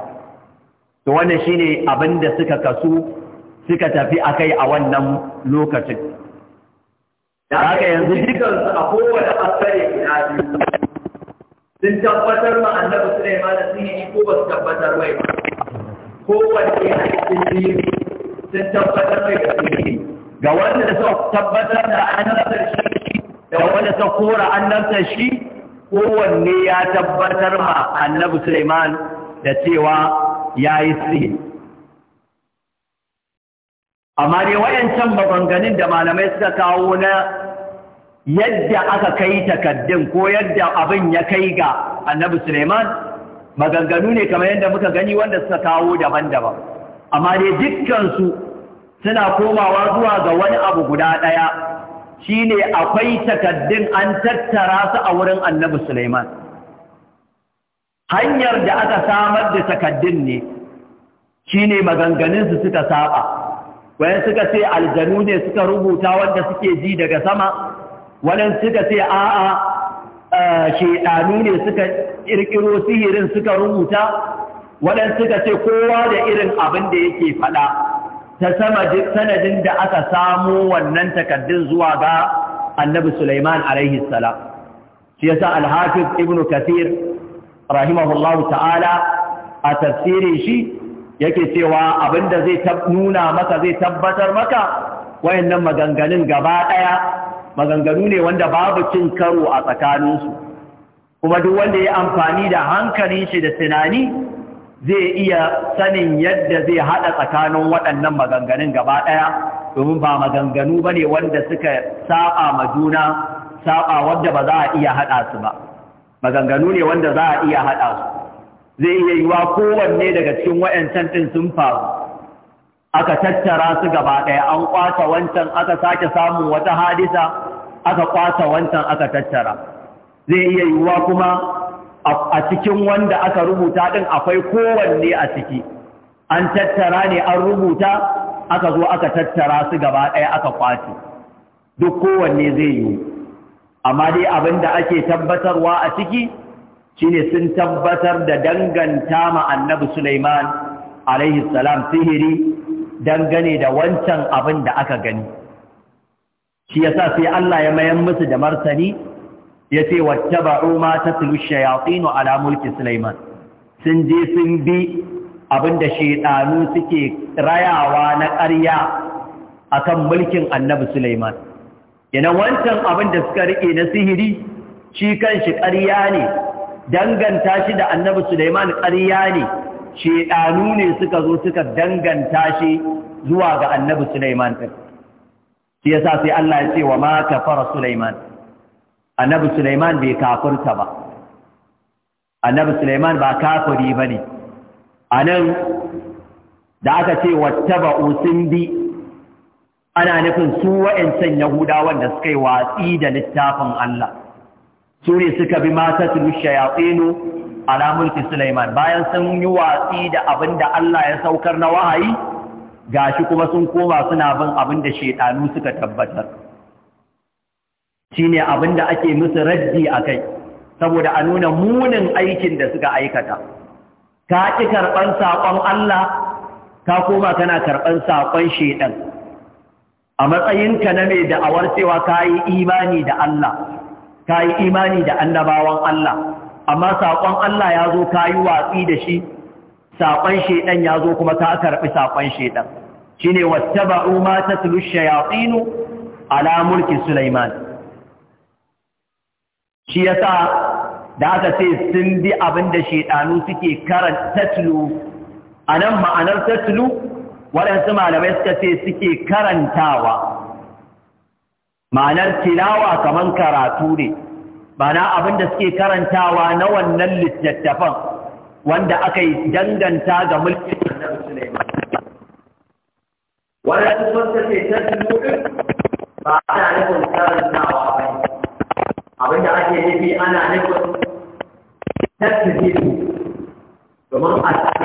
to wannan shine abin da suka kasu suka tafi akai a wannan lokacin da aka yanzu dukansu a kowane asali guda biyu sun tabbatar ma annabi Sulaiman sihiri ko ba su tabbatar bai kowanne a cikin biyu sun tabbatar da gaske ga wanda da suka tabbatar da annabtar shi da wanda suka kora annabtar shi kowanne ya tabbatar ma annabi Suleiman da cewa ya yi sihiri amma dai wayancan maganganun da malamai suka kawo na yadda aka kai takaddun ko yadda abin ya kai ga annabi Suleiman maganganu ne kamar yadda muka gani wanda suka kawo daban-daban amma dai dukkansu suna komawa zuwa ga wani abu guda ɗaya shine akwai takaddun an tattara su a wurin annabi Sulaiman hanyar da aka samar da takaddun ne shine maganganunsu suka saba wayan suka ce aljanu ne suka rubuta wanda suke ji daga sama wayan suka ce a'a eh, shedanu ne suka ƙirƙiro sihirin suka rubuta waɗansu suka ce kowa da irin abin da yake faɗa ta sanadin da aka samu wannan takardun zuwa ga annabi Sulaiman alaihi salam shi yasa al-Hafiz Ibn Kathir rahimahullahu ta'ala a tafsiri shi yake cewa abin da zai nuna maka zai tabbatar maka wayannan maganganun gaba ɗaya. maganganu ne wanda babu cin karo a tsakaninsu kuma duk wanda ya amfani da hankalin shi da tunani zai iya sanin yadda zai haɗa tsakanin waɗannan maganganun gaba ɗaya domin ba maganganu ba ne wanda suka saba ma juna saba wanda ba za a iya haɗa su ba maganganu ne wanda za a iya haɗa su zai iya yiwa kowanne daga cikin wayancan ɗin sun faru aka tattara su gaba ɗaya an kwasa wancan aka sake samun wata hadisa aka kwasa wancan aka tattara zai iya yiwuwa kuma a cikin wanda aka rubuta ɗin akwai kowanne a ciki an tattara ne an rubuta aka zo aka tattara su gaba ɗaya aka kwace duk kowanne zai yi amma dai abin da ake tabbatarwa a ciki shine sun tabbatar da danganta ma annabi Sulaiman alaihi salam sihiri dangane da wancan abin da aka gani shi yasa sai Allah ya mayan musu da martani Ya ce ba wattaba'u ma tatlu shayatin ala mulki sulaiman sun je sun bi abinda shaidanu suke rayawa na ƙarya akan mulkin annabi sulaiman yana wancan abinda suka riƙe na sihiri shi kan shi karya ne danganta shi da annabi sulaiman karya ne shaidanu ne suka zo suka danganta shi zuwa ga annabi sulaiman ɗin shi yasa sai Allah ya ce wa ma kafara sulaiman annabi Sulaiman bai kafirta ba annabi Sulaiman ba kafiri ne. anan da aka ce ba usun bi ana nufin su wa'ancan Yahudawan da suka yi watsi da littafin Allah su ne suka bi mata ya tseno, ala mulki Sulaiman bayan sun yi watsi da abin da Allah ya saukar na wahayi gashi kuma sun koma suna bin abin da shaidanu suka tabbatar Shi ne abin da ake musu raddi a kai saboda a nuna munin aikin da suka aikata ka ƙi karɓar saƙon Allah ka koma kana karɓar saƙon shaiɗan a matsayinka na mai da'awar cewa ka yi imani da Allah ka yi imani da annabawan Allah amma saƙon Allah ya zo ka yi watsi da shi saƙon shaiɗan ya zo kuma ka karɓi saƙon shi ne shine wattaba'u ma ya tsinu ala mulki Sulaiman shi ya sa da aka ce sun bi abin da shaidanu suke karanta tatlu nan ma'anar tatlu waɗansu malamai suka ce suke karantawa ma'anar tilawa kamar karatu ne ba na abin da suke karantawa na wannan littattafan wanda aka yi danganta ga mulkin da Sulaiman wannan sun ce tatlu ba ana nufin karantawa ba Abin da ake nufi ana nufin tasdidu domin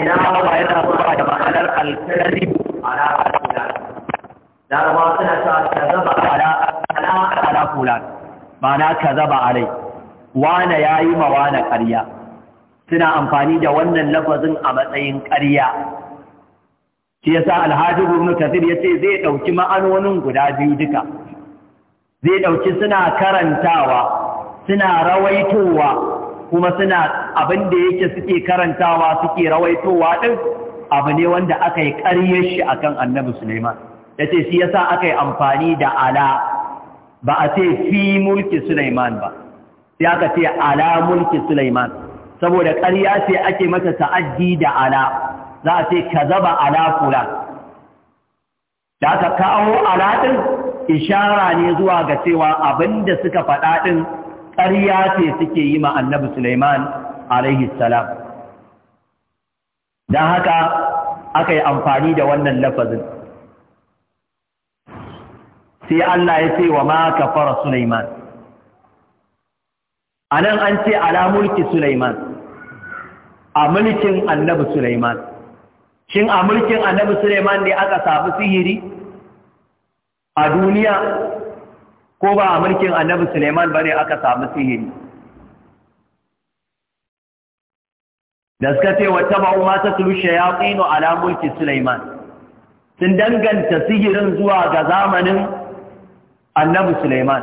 ina ba yana zuwa da ma'anar al-karibu ala al-fulan larabawa suna cewa kazaba ala ala ala fulan ma'ana a rai wane yi ma wane karya. suna amfani da wannan lafazin a matsayin karya. shi yasa Alhaji hafiz ibn ya ce zai dauki ma'anonin guda biyu duka zai dauki suna karantawa suna rawaitowa kuma suna abin da yake suke karantawa suke rawaitowa ɗin abu ne wanda aka yi ƙaryar shi a kan annabi Suleiman. Ya ce shi yasa aka yi amfani da ala ba a ce fi mulki Suleiman ba, sai aka ce ala mulki Suleiman. Saboda ƙarya ce ake mata ta'addi da ala, za a ce ka zaba ala kula. Da aka kawo ala ɗin ishara ne zuwa ga cewa abin da suka faɗa ɗin ƙarya ce suke yi ma annabi Sulaiman alaihi salam don haka aka yi amfani da wannan lafazin sai Allah ya ce wa ma kafara Sulaiman anan an ce ala mulki Sulaiman a mulkin annabi Sulaiman shin a mulkin annabi Sulaiman ne aka samu sihiri a duniya ko ba a mulkin annabi Suleiman bane aka samu sihiri da suka ce wata ma'uma ma ta tulu tsino ala mulki Suleiman sun danganta sihirin zuwa ga zamanin annabi Suleiman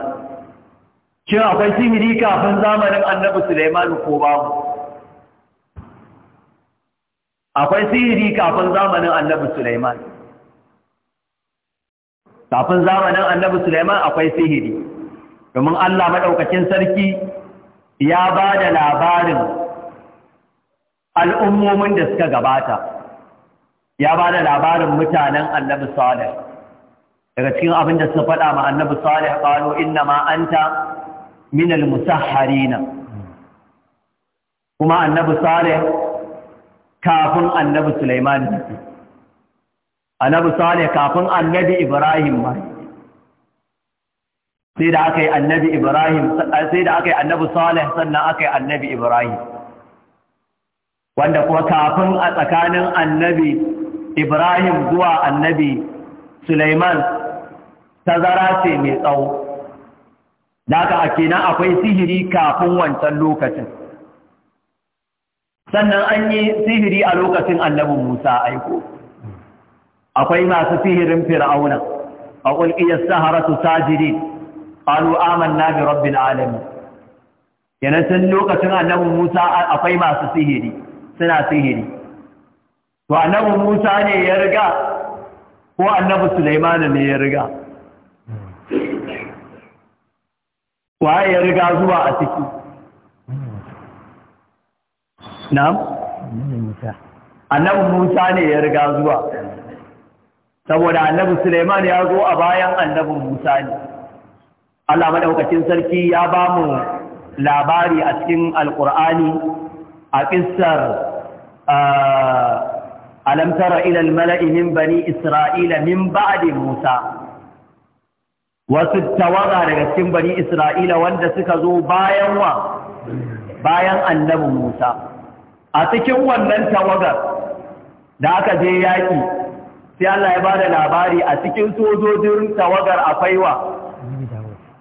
shin akwai sihiri kafin zamanin annabi Suleiman ko babu akwai sihiri kafin zamanin annabi Suleiman kafin zamanin annabi Sulaiman akwai sihiri domin Allah madaukakin sarki ya ba da labarin al'ummomin da suka gabata ya ba da labarin mutanen annabi Salih daga cikin abin da suka faɗa ma annabi Salih ƙwano inna ma anta minal musahharina kuma annabi Salih kafin annabi Sulaiman ne annabi salih kafin annabi ibrahim ba sai da aka yi annabi ibrahim sai da aka yi annabi salih sannan aka yi annabi ibrahim wanda kuma kafin a tsakanin annabi ibrahim zuwa annabi suleiman tazara ce mai tsawo da aka ake kenan akwai sihiri kafin wancan lokacin sannan an yi sihiri a lokacin annabin musa aiko akwai masu sihirin fir'auna a ƙulƙiyar saharatu sajiri ƙalu na bi rabbin alamin yana sun lokacin annabin Musa akwai masu sihiri suna sihiri to annabin Musa ne ya riga ko annabin sulaimanu ne ya riga waye ya riga zuwa a ciki na Annabin Musa ne ya riga zuwa saboda annabi Suleiman ya zo a bayan annabi Musa ne Allah madaukakin sarki ya ba mu labari a cikin Alƙur'ani a kissar ah, alam tara ila almala'i min bani isra'ila min ba'di Musa wasu tawaga daga cikin bani isra'ila wanda suka zo bayan wa bayan annabi Musa a cikin wannan tawagar da aka je yaƙi sai Allah ya bada labari a cikin sojojin tawagar akwai wa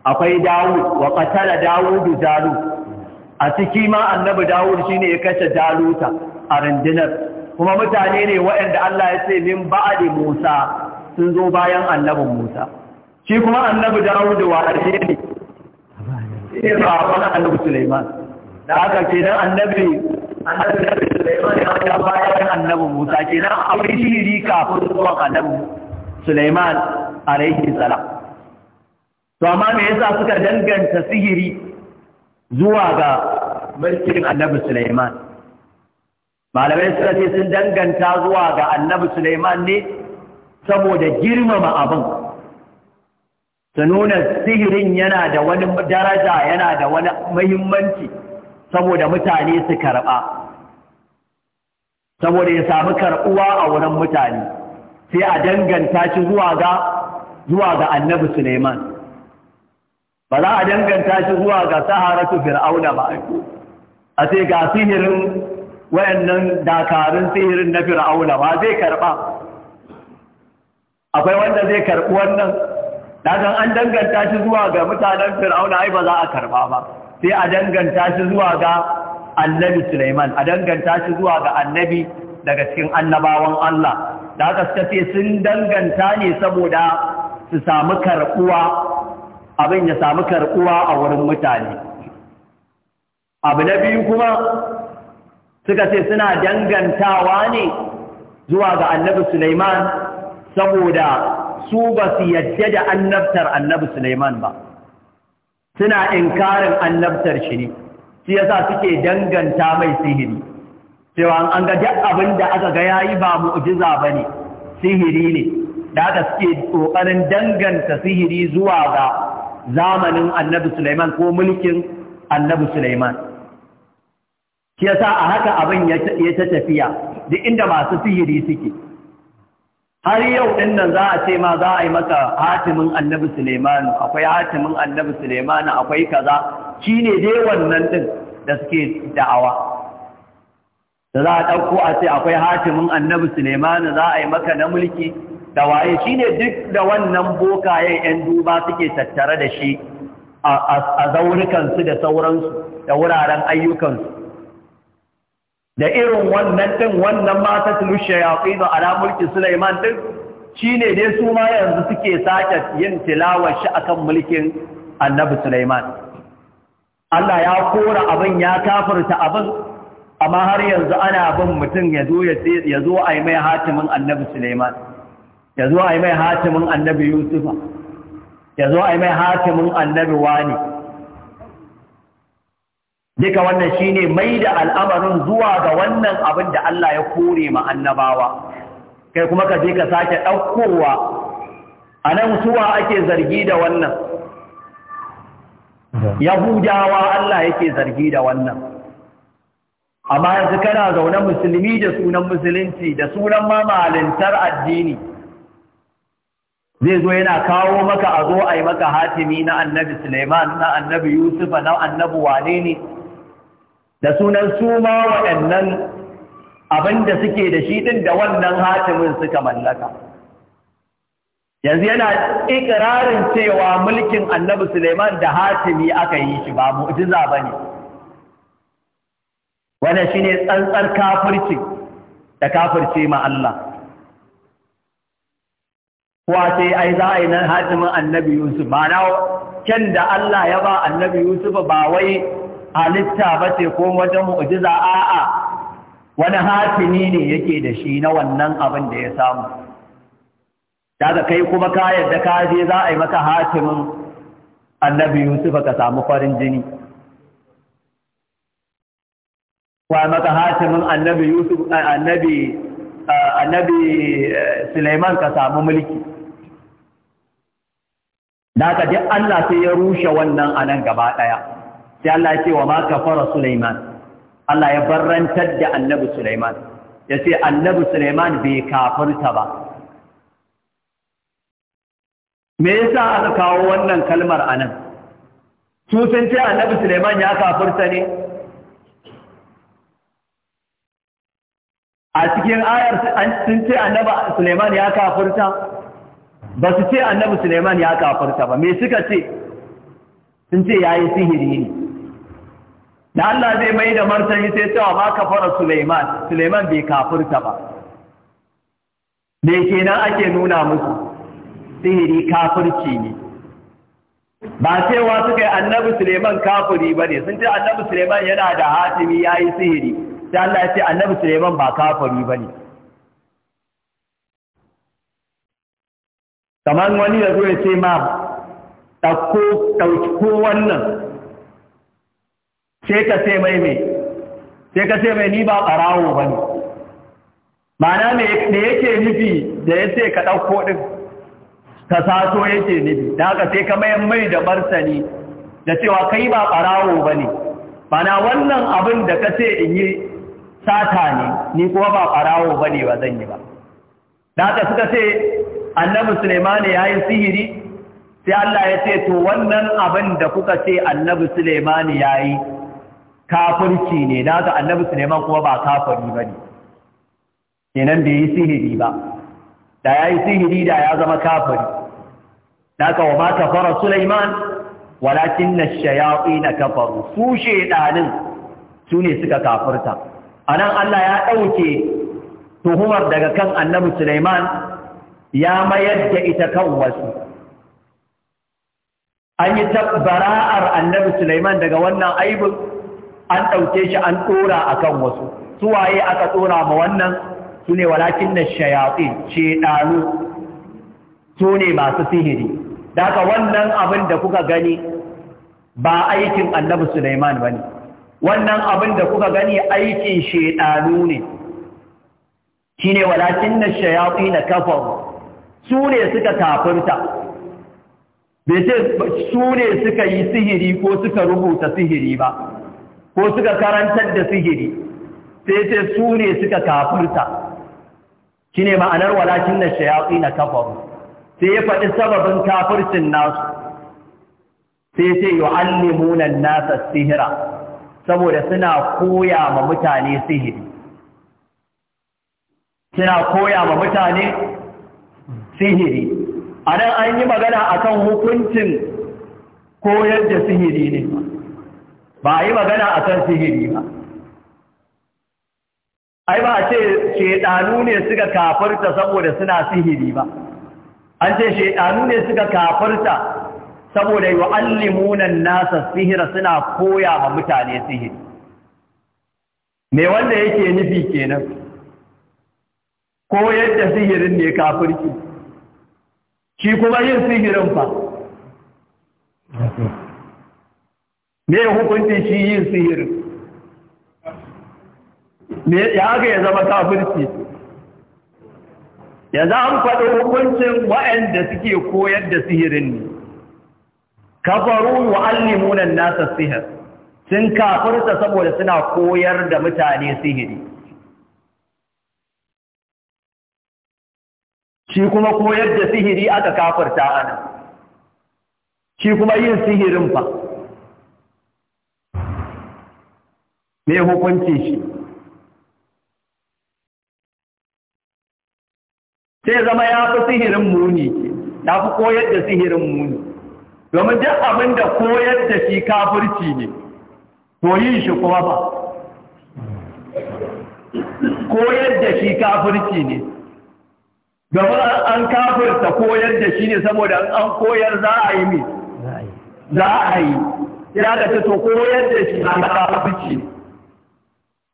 akwai Dawud wa qatala Dawud jalu a ciki ma annabi Dawud shine ya kashe Jaluta a rundunar kuma mutane ne waɗanda Allah ya ce min ba'di Musa sun zo bayan annabin Musa shi kuma annabi Dawud wa ne sai ba annabi Sulaiman da aka ce dan annabi ya bayan annabi Musa kenan akwai shiri kafin zuwa annabi Sulaiman alaihi salam to amma me yasa suka danganta sihiri zuwa ga mulkin annabi Sulaiman malamai suka ce sun danganta zuwa ga annabi Sulaiman ne saboda girmama abin ta nuna sihirin yana da wani daraja yana da wani muhimmanci saboda mutane su karɓa saboda ya sami karɓuwa a wurin mutane sai a danganta shi zuwa ga zuwa ga annabi Suleiman ba za a danganta shi zuwa ga saharatu fir'auna ba a sai ga sihirin wayannan dakarun sihirin na fir'auna ba zai karɓa akwai wanda zai karɓi wannan dan an danganta shi zuwa ga mutanen fir'auna ai ba za a karɓa ba sai a danganta shi zuwa ga annabi Sulaiman a danganta shi zuwa ga annabi daga cikin annabawan Allah da haka suka ce sun danganta ne saboda su samu karɓuwa abin ya samu karɓuwa a wurin mutane abu na biyu kuma suka ce suna dangantawa ne zuwa ga annabi Sulaiman saboda su ba su yadda da annabtar annabi Sulaiman ba suna inkarin annabtar shi ne shi yasa suke danganta mai sihiri cewa an ga duk abin da aka ga yayi ba mu'jiza bane sihiri ne da aka suke kokarin danganta sihiri zuwa ga zamanin annabi Sulaiman ko mulkin annabi Sulaiman shi yasa a haka abin ya ta tafiya duk inda masu sihiri suke har yau din nan za a ce ma za a yi maka hatimin annabi Sulemanu, akwai hatimin annabi Sulemanu akwai kaza shine dai wannan din da suke da'awa da za a ɗauko a ce akwai hatimin annabi Sulemanu za a yi maka na mulki da waye shine duk da wannan bokayen yan duba suke tattare da shi a zaurukansu da sauransu da wuraren ayyukansu da irin wannan din wannan ma ta tilu shayatin ala mulki Sulaiman din shine dai su ma yanzu suke sake yin tilawar shi akan mulkin Annabi Sulaiman Allah ya kora abin ya kafirta abin amma har yanzu ana bin mutum ya zo ya zo a mai hatimin Annabi Sulaiman ya zo a mai hatimin Annabi Yusufa ya zo a mai hatimin Annabi Wani duka wannan shine mai da al'amarin zuwa ga wannan abin da Allah ya kore ma annabawa kai kuma ka je ka sake ɗaukowa a nan suwa ake zargi da wannan yahudawa Allah yake zargi da wannan amma yanzu kana zaune musulmi da sunan musulunci da sunan ma addini zai zo yana kawo maka a zo a yi maka hatimi na annabi suleiman na annabi yusufa na annabi wane ne da sunan su ma waɗannan abinda suke da shi ɗin da wannan hatimin suka mallaka yanzu yana ikirarin cewa mulkin annabi suleiman da hatimi aka yi shi ba mu'jiza ba ne wanda shi ne tsantsar kafirci da kafirce ma Allah kuwa sai ai za a yi nan hatimin annabi yusuf ba na da Allah ya ba annabi yusuf ba wai halitta ba ce ko wajen mu'jiza a'a wani hatimi ne yake da shi na wannan abin da ya samu daga kai kuma ka yadda ka je za a yi maka hatimin annabi yusuf ka samu farin jini wa maka hatimin annabi yusuf annabi annabi eh, Suleiman ka samu mulki da ka ji Allah sai ya rushe wannan anan gaba daya sai Allah ya ce wa ma kafara Sulaiman Allah ya barrantar da annabi Sulaiman ya ce annabi Sulaiman bai kafarta ba me yasa aka kawo wannan kalmar anan su sun ce annabi Sulaiman ya kafarta ne a cikin ayar sun ce annabi Sulaiman ya kafarta ba su ce annabi Sulaiman ya kafarta ba me suka ce sun ce yayi sihiri ne da Allah zai mai da martani sai cewa ma kafara Suleiman Suleiman bai kafurta ba me kenan ake nuna musu sihiri kafurci ne ba cewa suka yi annabi Suleiman kafuri ba ne sun ce annabi Suleiman yana da hatimi ya yi sihiri sai Allah ya ce annabi Suleiman ba kafuri ba ne kamar wani ya zo ya ce ma ɗauko wannan sai ka sai mai mai sai ka sai mai ni ba ɓarawo ba ne mana da yake nufi da ya sai ka ɗauko ɗin ka sato yake nufi da haka sai ka mayan mai da martani da cewa kai ba ɓarawo ba ne ma'ana wannan abin da ka sai in yi sata ne ni kuma ba ɓarawo ba ne ba zan yi ba da haka suka ce annabi sulaimani ya yi sihiri sai Allah ya ce to wannan abin da kuka ce annabi suleimani ya yi kafirci ne da haka annabi Suleiman kuma ba kafiri ba ne kenan bai yi sihiri ba da ya yi sihiri da ya zama kafiri da haka wa mata fara Suleiman walakin na shayaƙi na kafaru su shaidanin su ne suka kafirta a nan Allah ya ɗauke tuhumar daga kan annabi Suleiman ya mayar da ita kan wasu an yi bara'ar annabi Suleiman daga wannan aibin an ɗauke shi an ɗora a kan wasu suwaye aka ɗora ma wannan su ne walakin na shayafi ce ɗanu su ne masu sihiri daga wannan abin da kuka gani ba aikin annabi Sulaiman ba ne wannan abin da kuka gani aikin shaidanu ne shi ne walakin na shayafi na kafa su ne suka tafirta? bai ce su ne suka yi sihiri ko suka rubuta sihiri ba ko suka karantar da sihiri sai sai su ne suka kafurta shi ne ma'anar walakin na shayatsi na kafaru sai ya faɗi sababin kafircin nasu sai sai yi allimunan nasa sihira saboda suna koya ma mutane sihiri suna koya ma mutane sihiri a nan an yi magana akan hukuncin koyar da sihiri ne ba a yi magana a kan sihiri ba ai ba ce shaidanu ne suka kafarta saboda suna sihiri ba an ce shaidanu ne suka kafarta saboda yi wa allimunan nasa sihira suna koya ma mutane sihiri me wanda yake nufi kenan Ko yadda sihirin ne kafirki, shi kuma yin sihirin fa me hukuncin shi yin sihirin me ya haka ya zama kafirci za an faɗi hukuncin wa'anda suke koyar da sihirin ne kafaru yu'allimunan nasa sihir sun kafirta saboda suna koyar da mutane sihiri shi kuma koyar da sihiri aka kafirta ana shi kuma yin sihirin fa me hukunci shi sai zama ya fi sihirin muni ya fi koyar da sihirin muni domin duk abin da koyar da shi kafirci ne ko yin shi kuma ba koyar da shi kafirci ne domin an kafirta koyar da shi ne saboda an koyar za a yi mai, za a yi ya da ta to koyar da shi a kafirci ne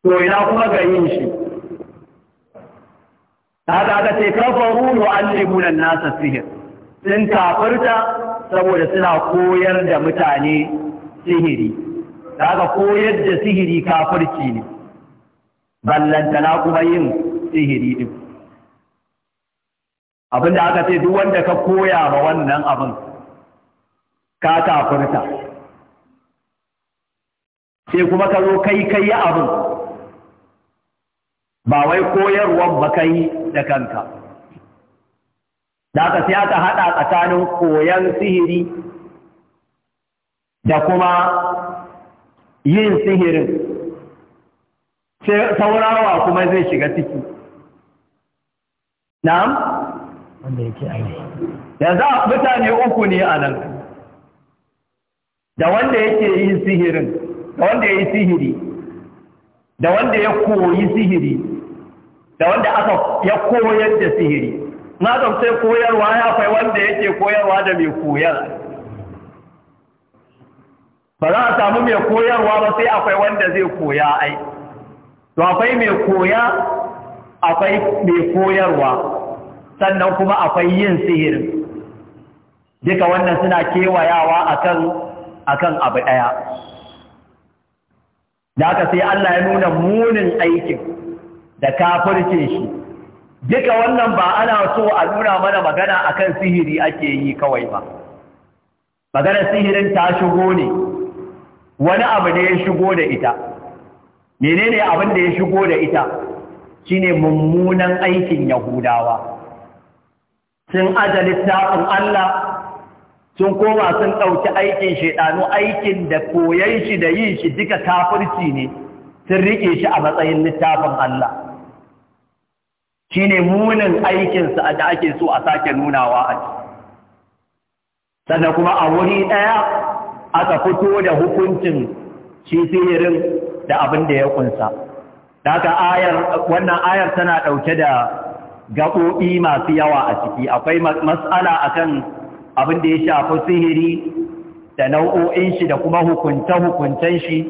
to ya kuma ga yin shi ga ga ce kafa ruru an-nasa sihir sun kafirta saboda suna koyar da mutane sihiri ga koyar da sihiri kafarci ne na kuma yin sihiri din da aka ce duk wanda ka koya ma wannan abin ka kafarta sai kuma ka zo kai kai abin ba wai koyarwar ba kai da kanka da aka sai aka haɗa tsakanin koyan sihiri da kuma yin sihirin saurawa kuma zai shiga ciki na'am wanda yake aiki yanzu mutane uku ne a nan da wanda yake yin sihirin da wanda ya yi sihiri da wanda ya koyi sihiri da wanda aka ya koyar da sihiri na sai koyarwa ya akwai wanda yake koyarwa da mai koyar ba za a samu mai koyarwa ba sai akwai wanda zai koya ai to akwai mai koya akwai mai koyarwa sannan kuma akwai yin sihirin duka wannan suna kewayawa akan akan abu ɗaya da aka sai Allah ya nuna munin aikin da kafircin shi duka wannan ba ana so a nuna mana magana akan sihiri ake yi kawai ba maganar sihirin ta shigo ne wani abu ne ya shigo da ita menene abin da ya shigo da ita shine mummunan aikin yahudawa sun aja littafin Allah sun koma sun ɗauki aikin shaiɗanu aikin da koyan shi da yin shi duka kafirci ne sun riƙe shi a matsayin littafin Allah shi ne munin aikinsa da ake so a sake nunawa a ci sannan kuma a wuri ɗaya aka fito da hukuncin shi da abin da ya kunsa da ayar wannan ayar tana ɗauke da gaɓoɓi masu yawa a ciki akwai mas'ala akan abin da ya shafi sihiri da nau'o'in shi da kuma hukunce-hukuncen shi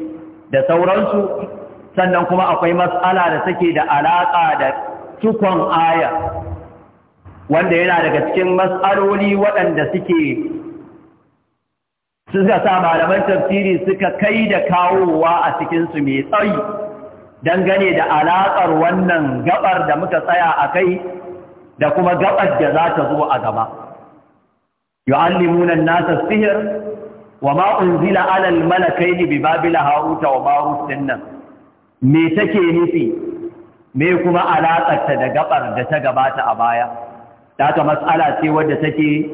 da sauransu sannan kuma akwai matsala da take da alaƙa da tukon aya wanda yana daga cikin matsaloli waɗanda suke suka sa malaman tafsiri suka kai da kawowa a cikinsu mai tsayi dangane da alaƙar wannan gabar da muka tsaya a kai da kuma gabar da za ta zo a gaba. yu'allimuna an-nasa sihr wa ma unzila ala al-malakaini bi babila haruta wa marut dinnan me take nufi me kuma alaƙarta da gaɓar da ta gabata a baya ta matsala ce wadda take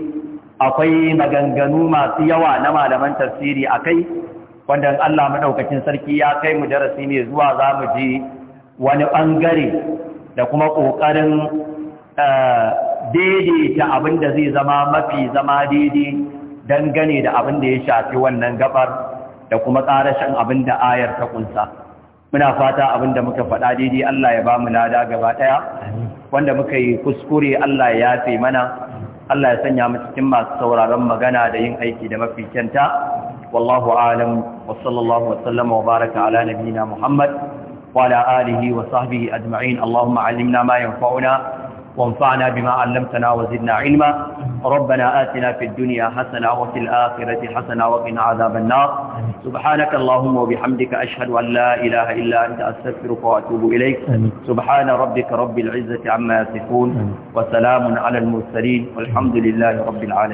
akwai maganganu masu yawa na malaman tafsiri a kai, wanda Allah maɗaukacin sarki ya kai mu darasi ne zuwa zamu je wani ɓangare da kuma ƙoƙarin. daidaita abin da zai zama mafi zama daidai dangane da abin da ya shafi wannan gabar da kuma shan abin da ayar ta kunsa muna fata abin da muka faɗa daidai Allah ya ba mu lada gaba ɗaya wanda muka yi kuskure Allah ya yafe mana Allah ya sanya mu cikin masu sauraron magana da yin aiki da mafi kyanta wallahu alam wa sallallahu wa sallama wa baraka ala nabina Muhammad wa ala alihi wa sahbihi ajma'in Allahumma allimna ma yanfa'una وانفعنا بما علمتنا وزدنا علما ربنا آتنا في الدنيا حسنة وفي الآخرة حسنة وقنا عذاب النار سبحانك اللهم وبحمدك أشهد أن لا إله إلا أنت أستغفرك وأتوب إليك سبحان ربك رب العزة عما يصفون وسلام على المرسلين والحمد لله رب العالمين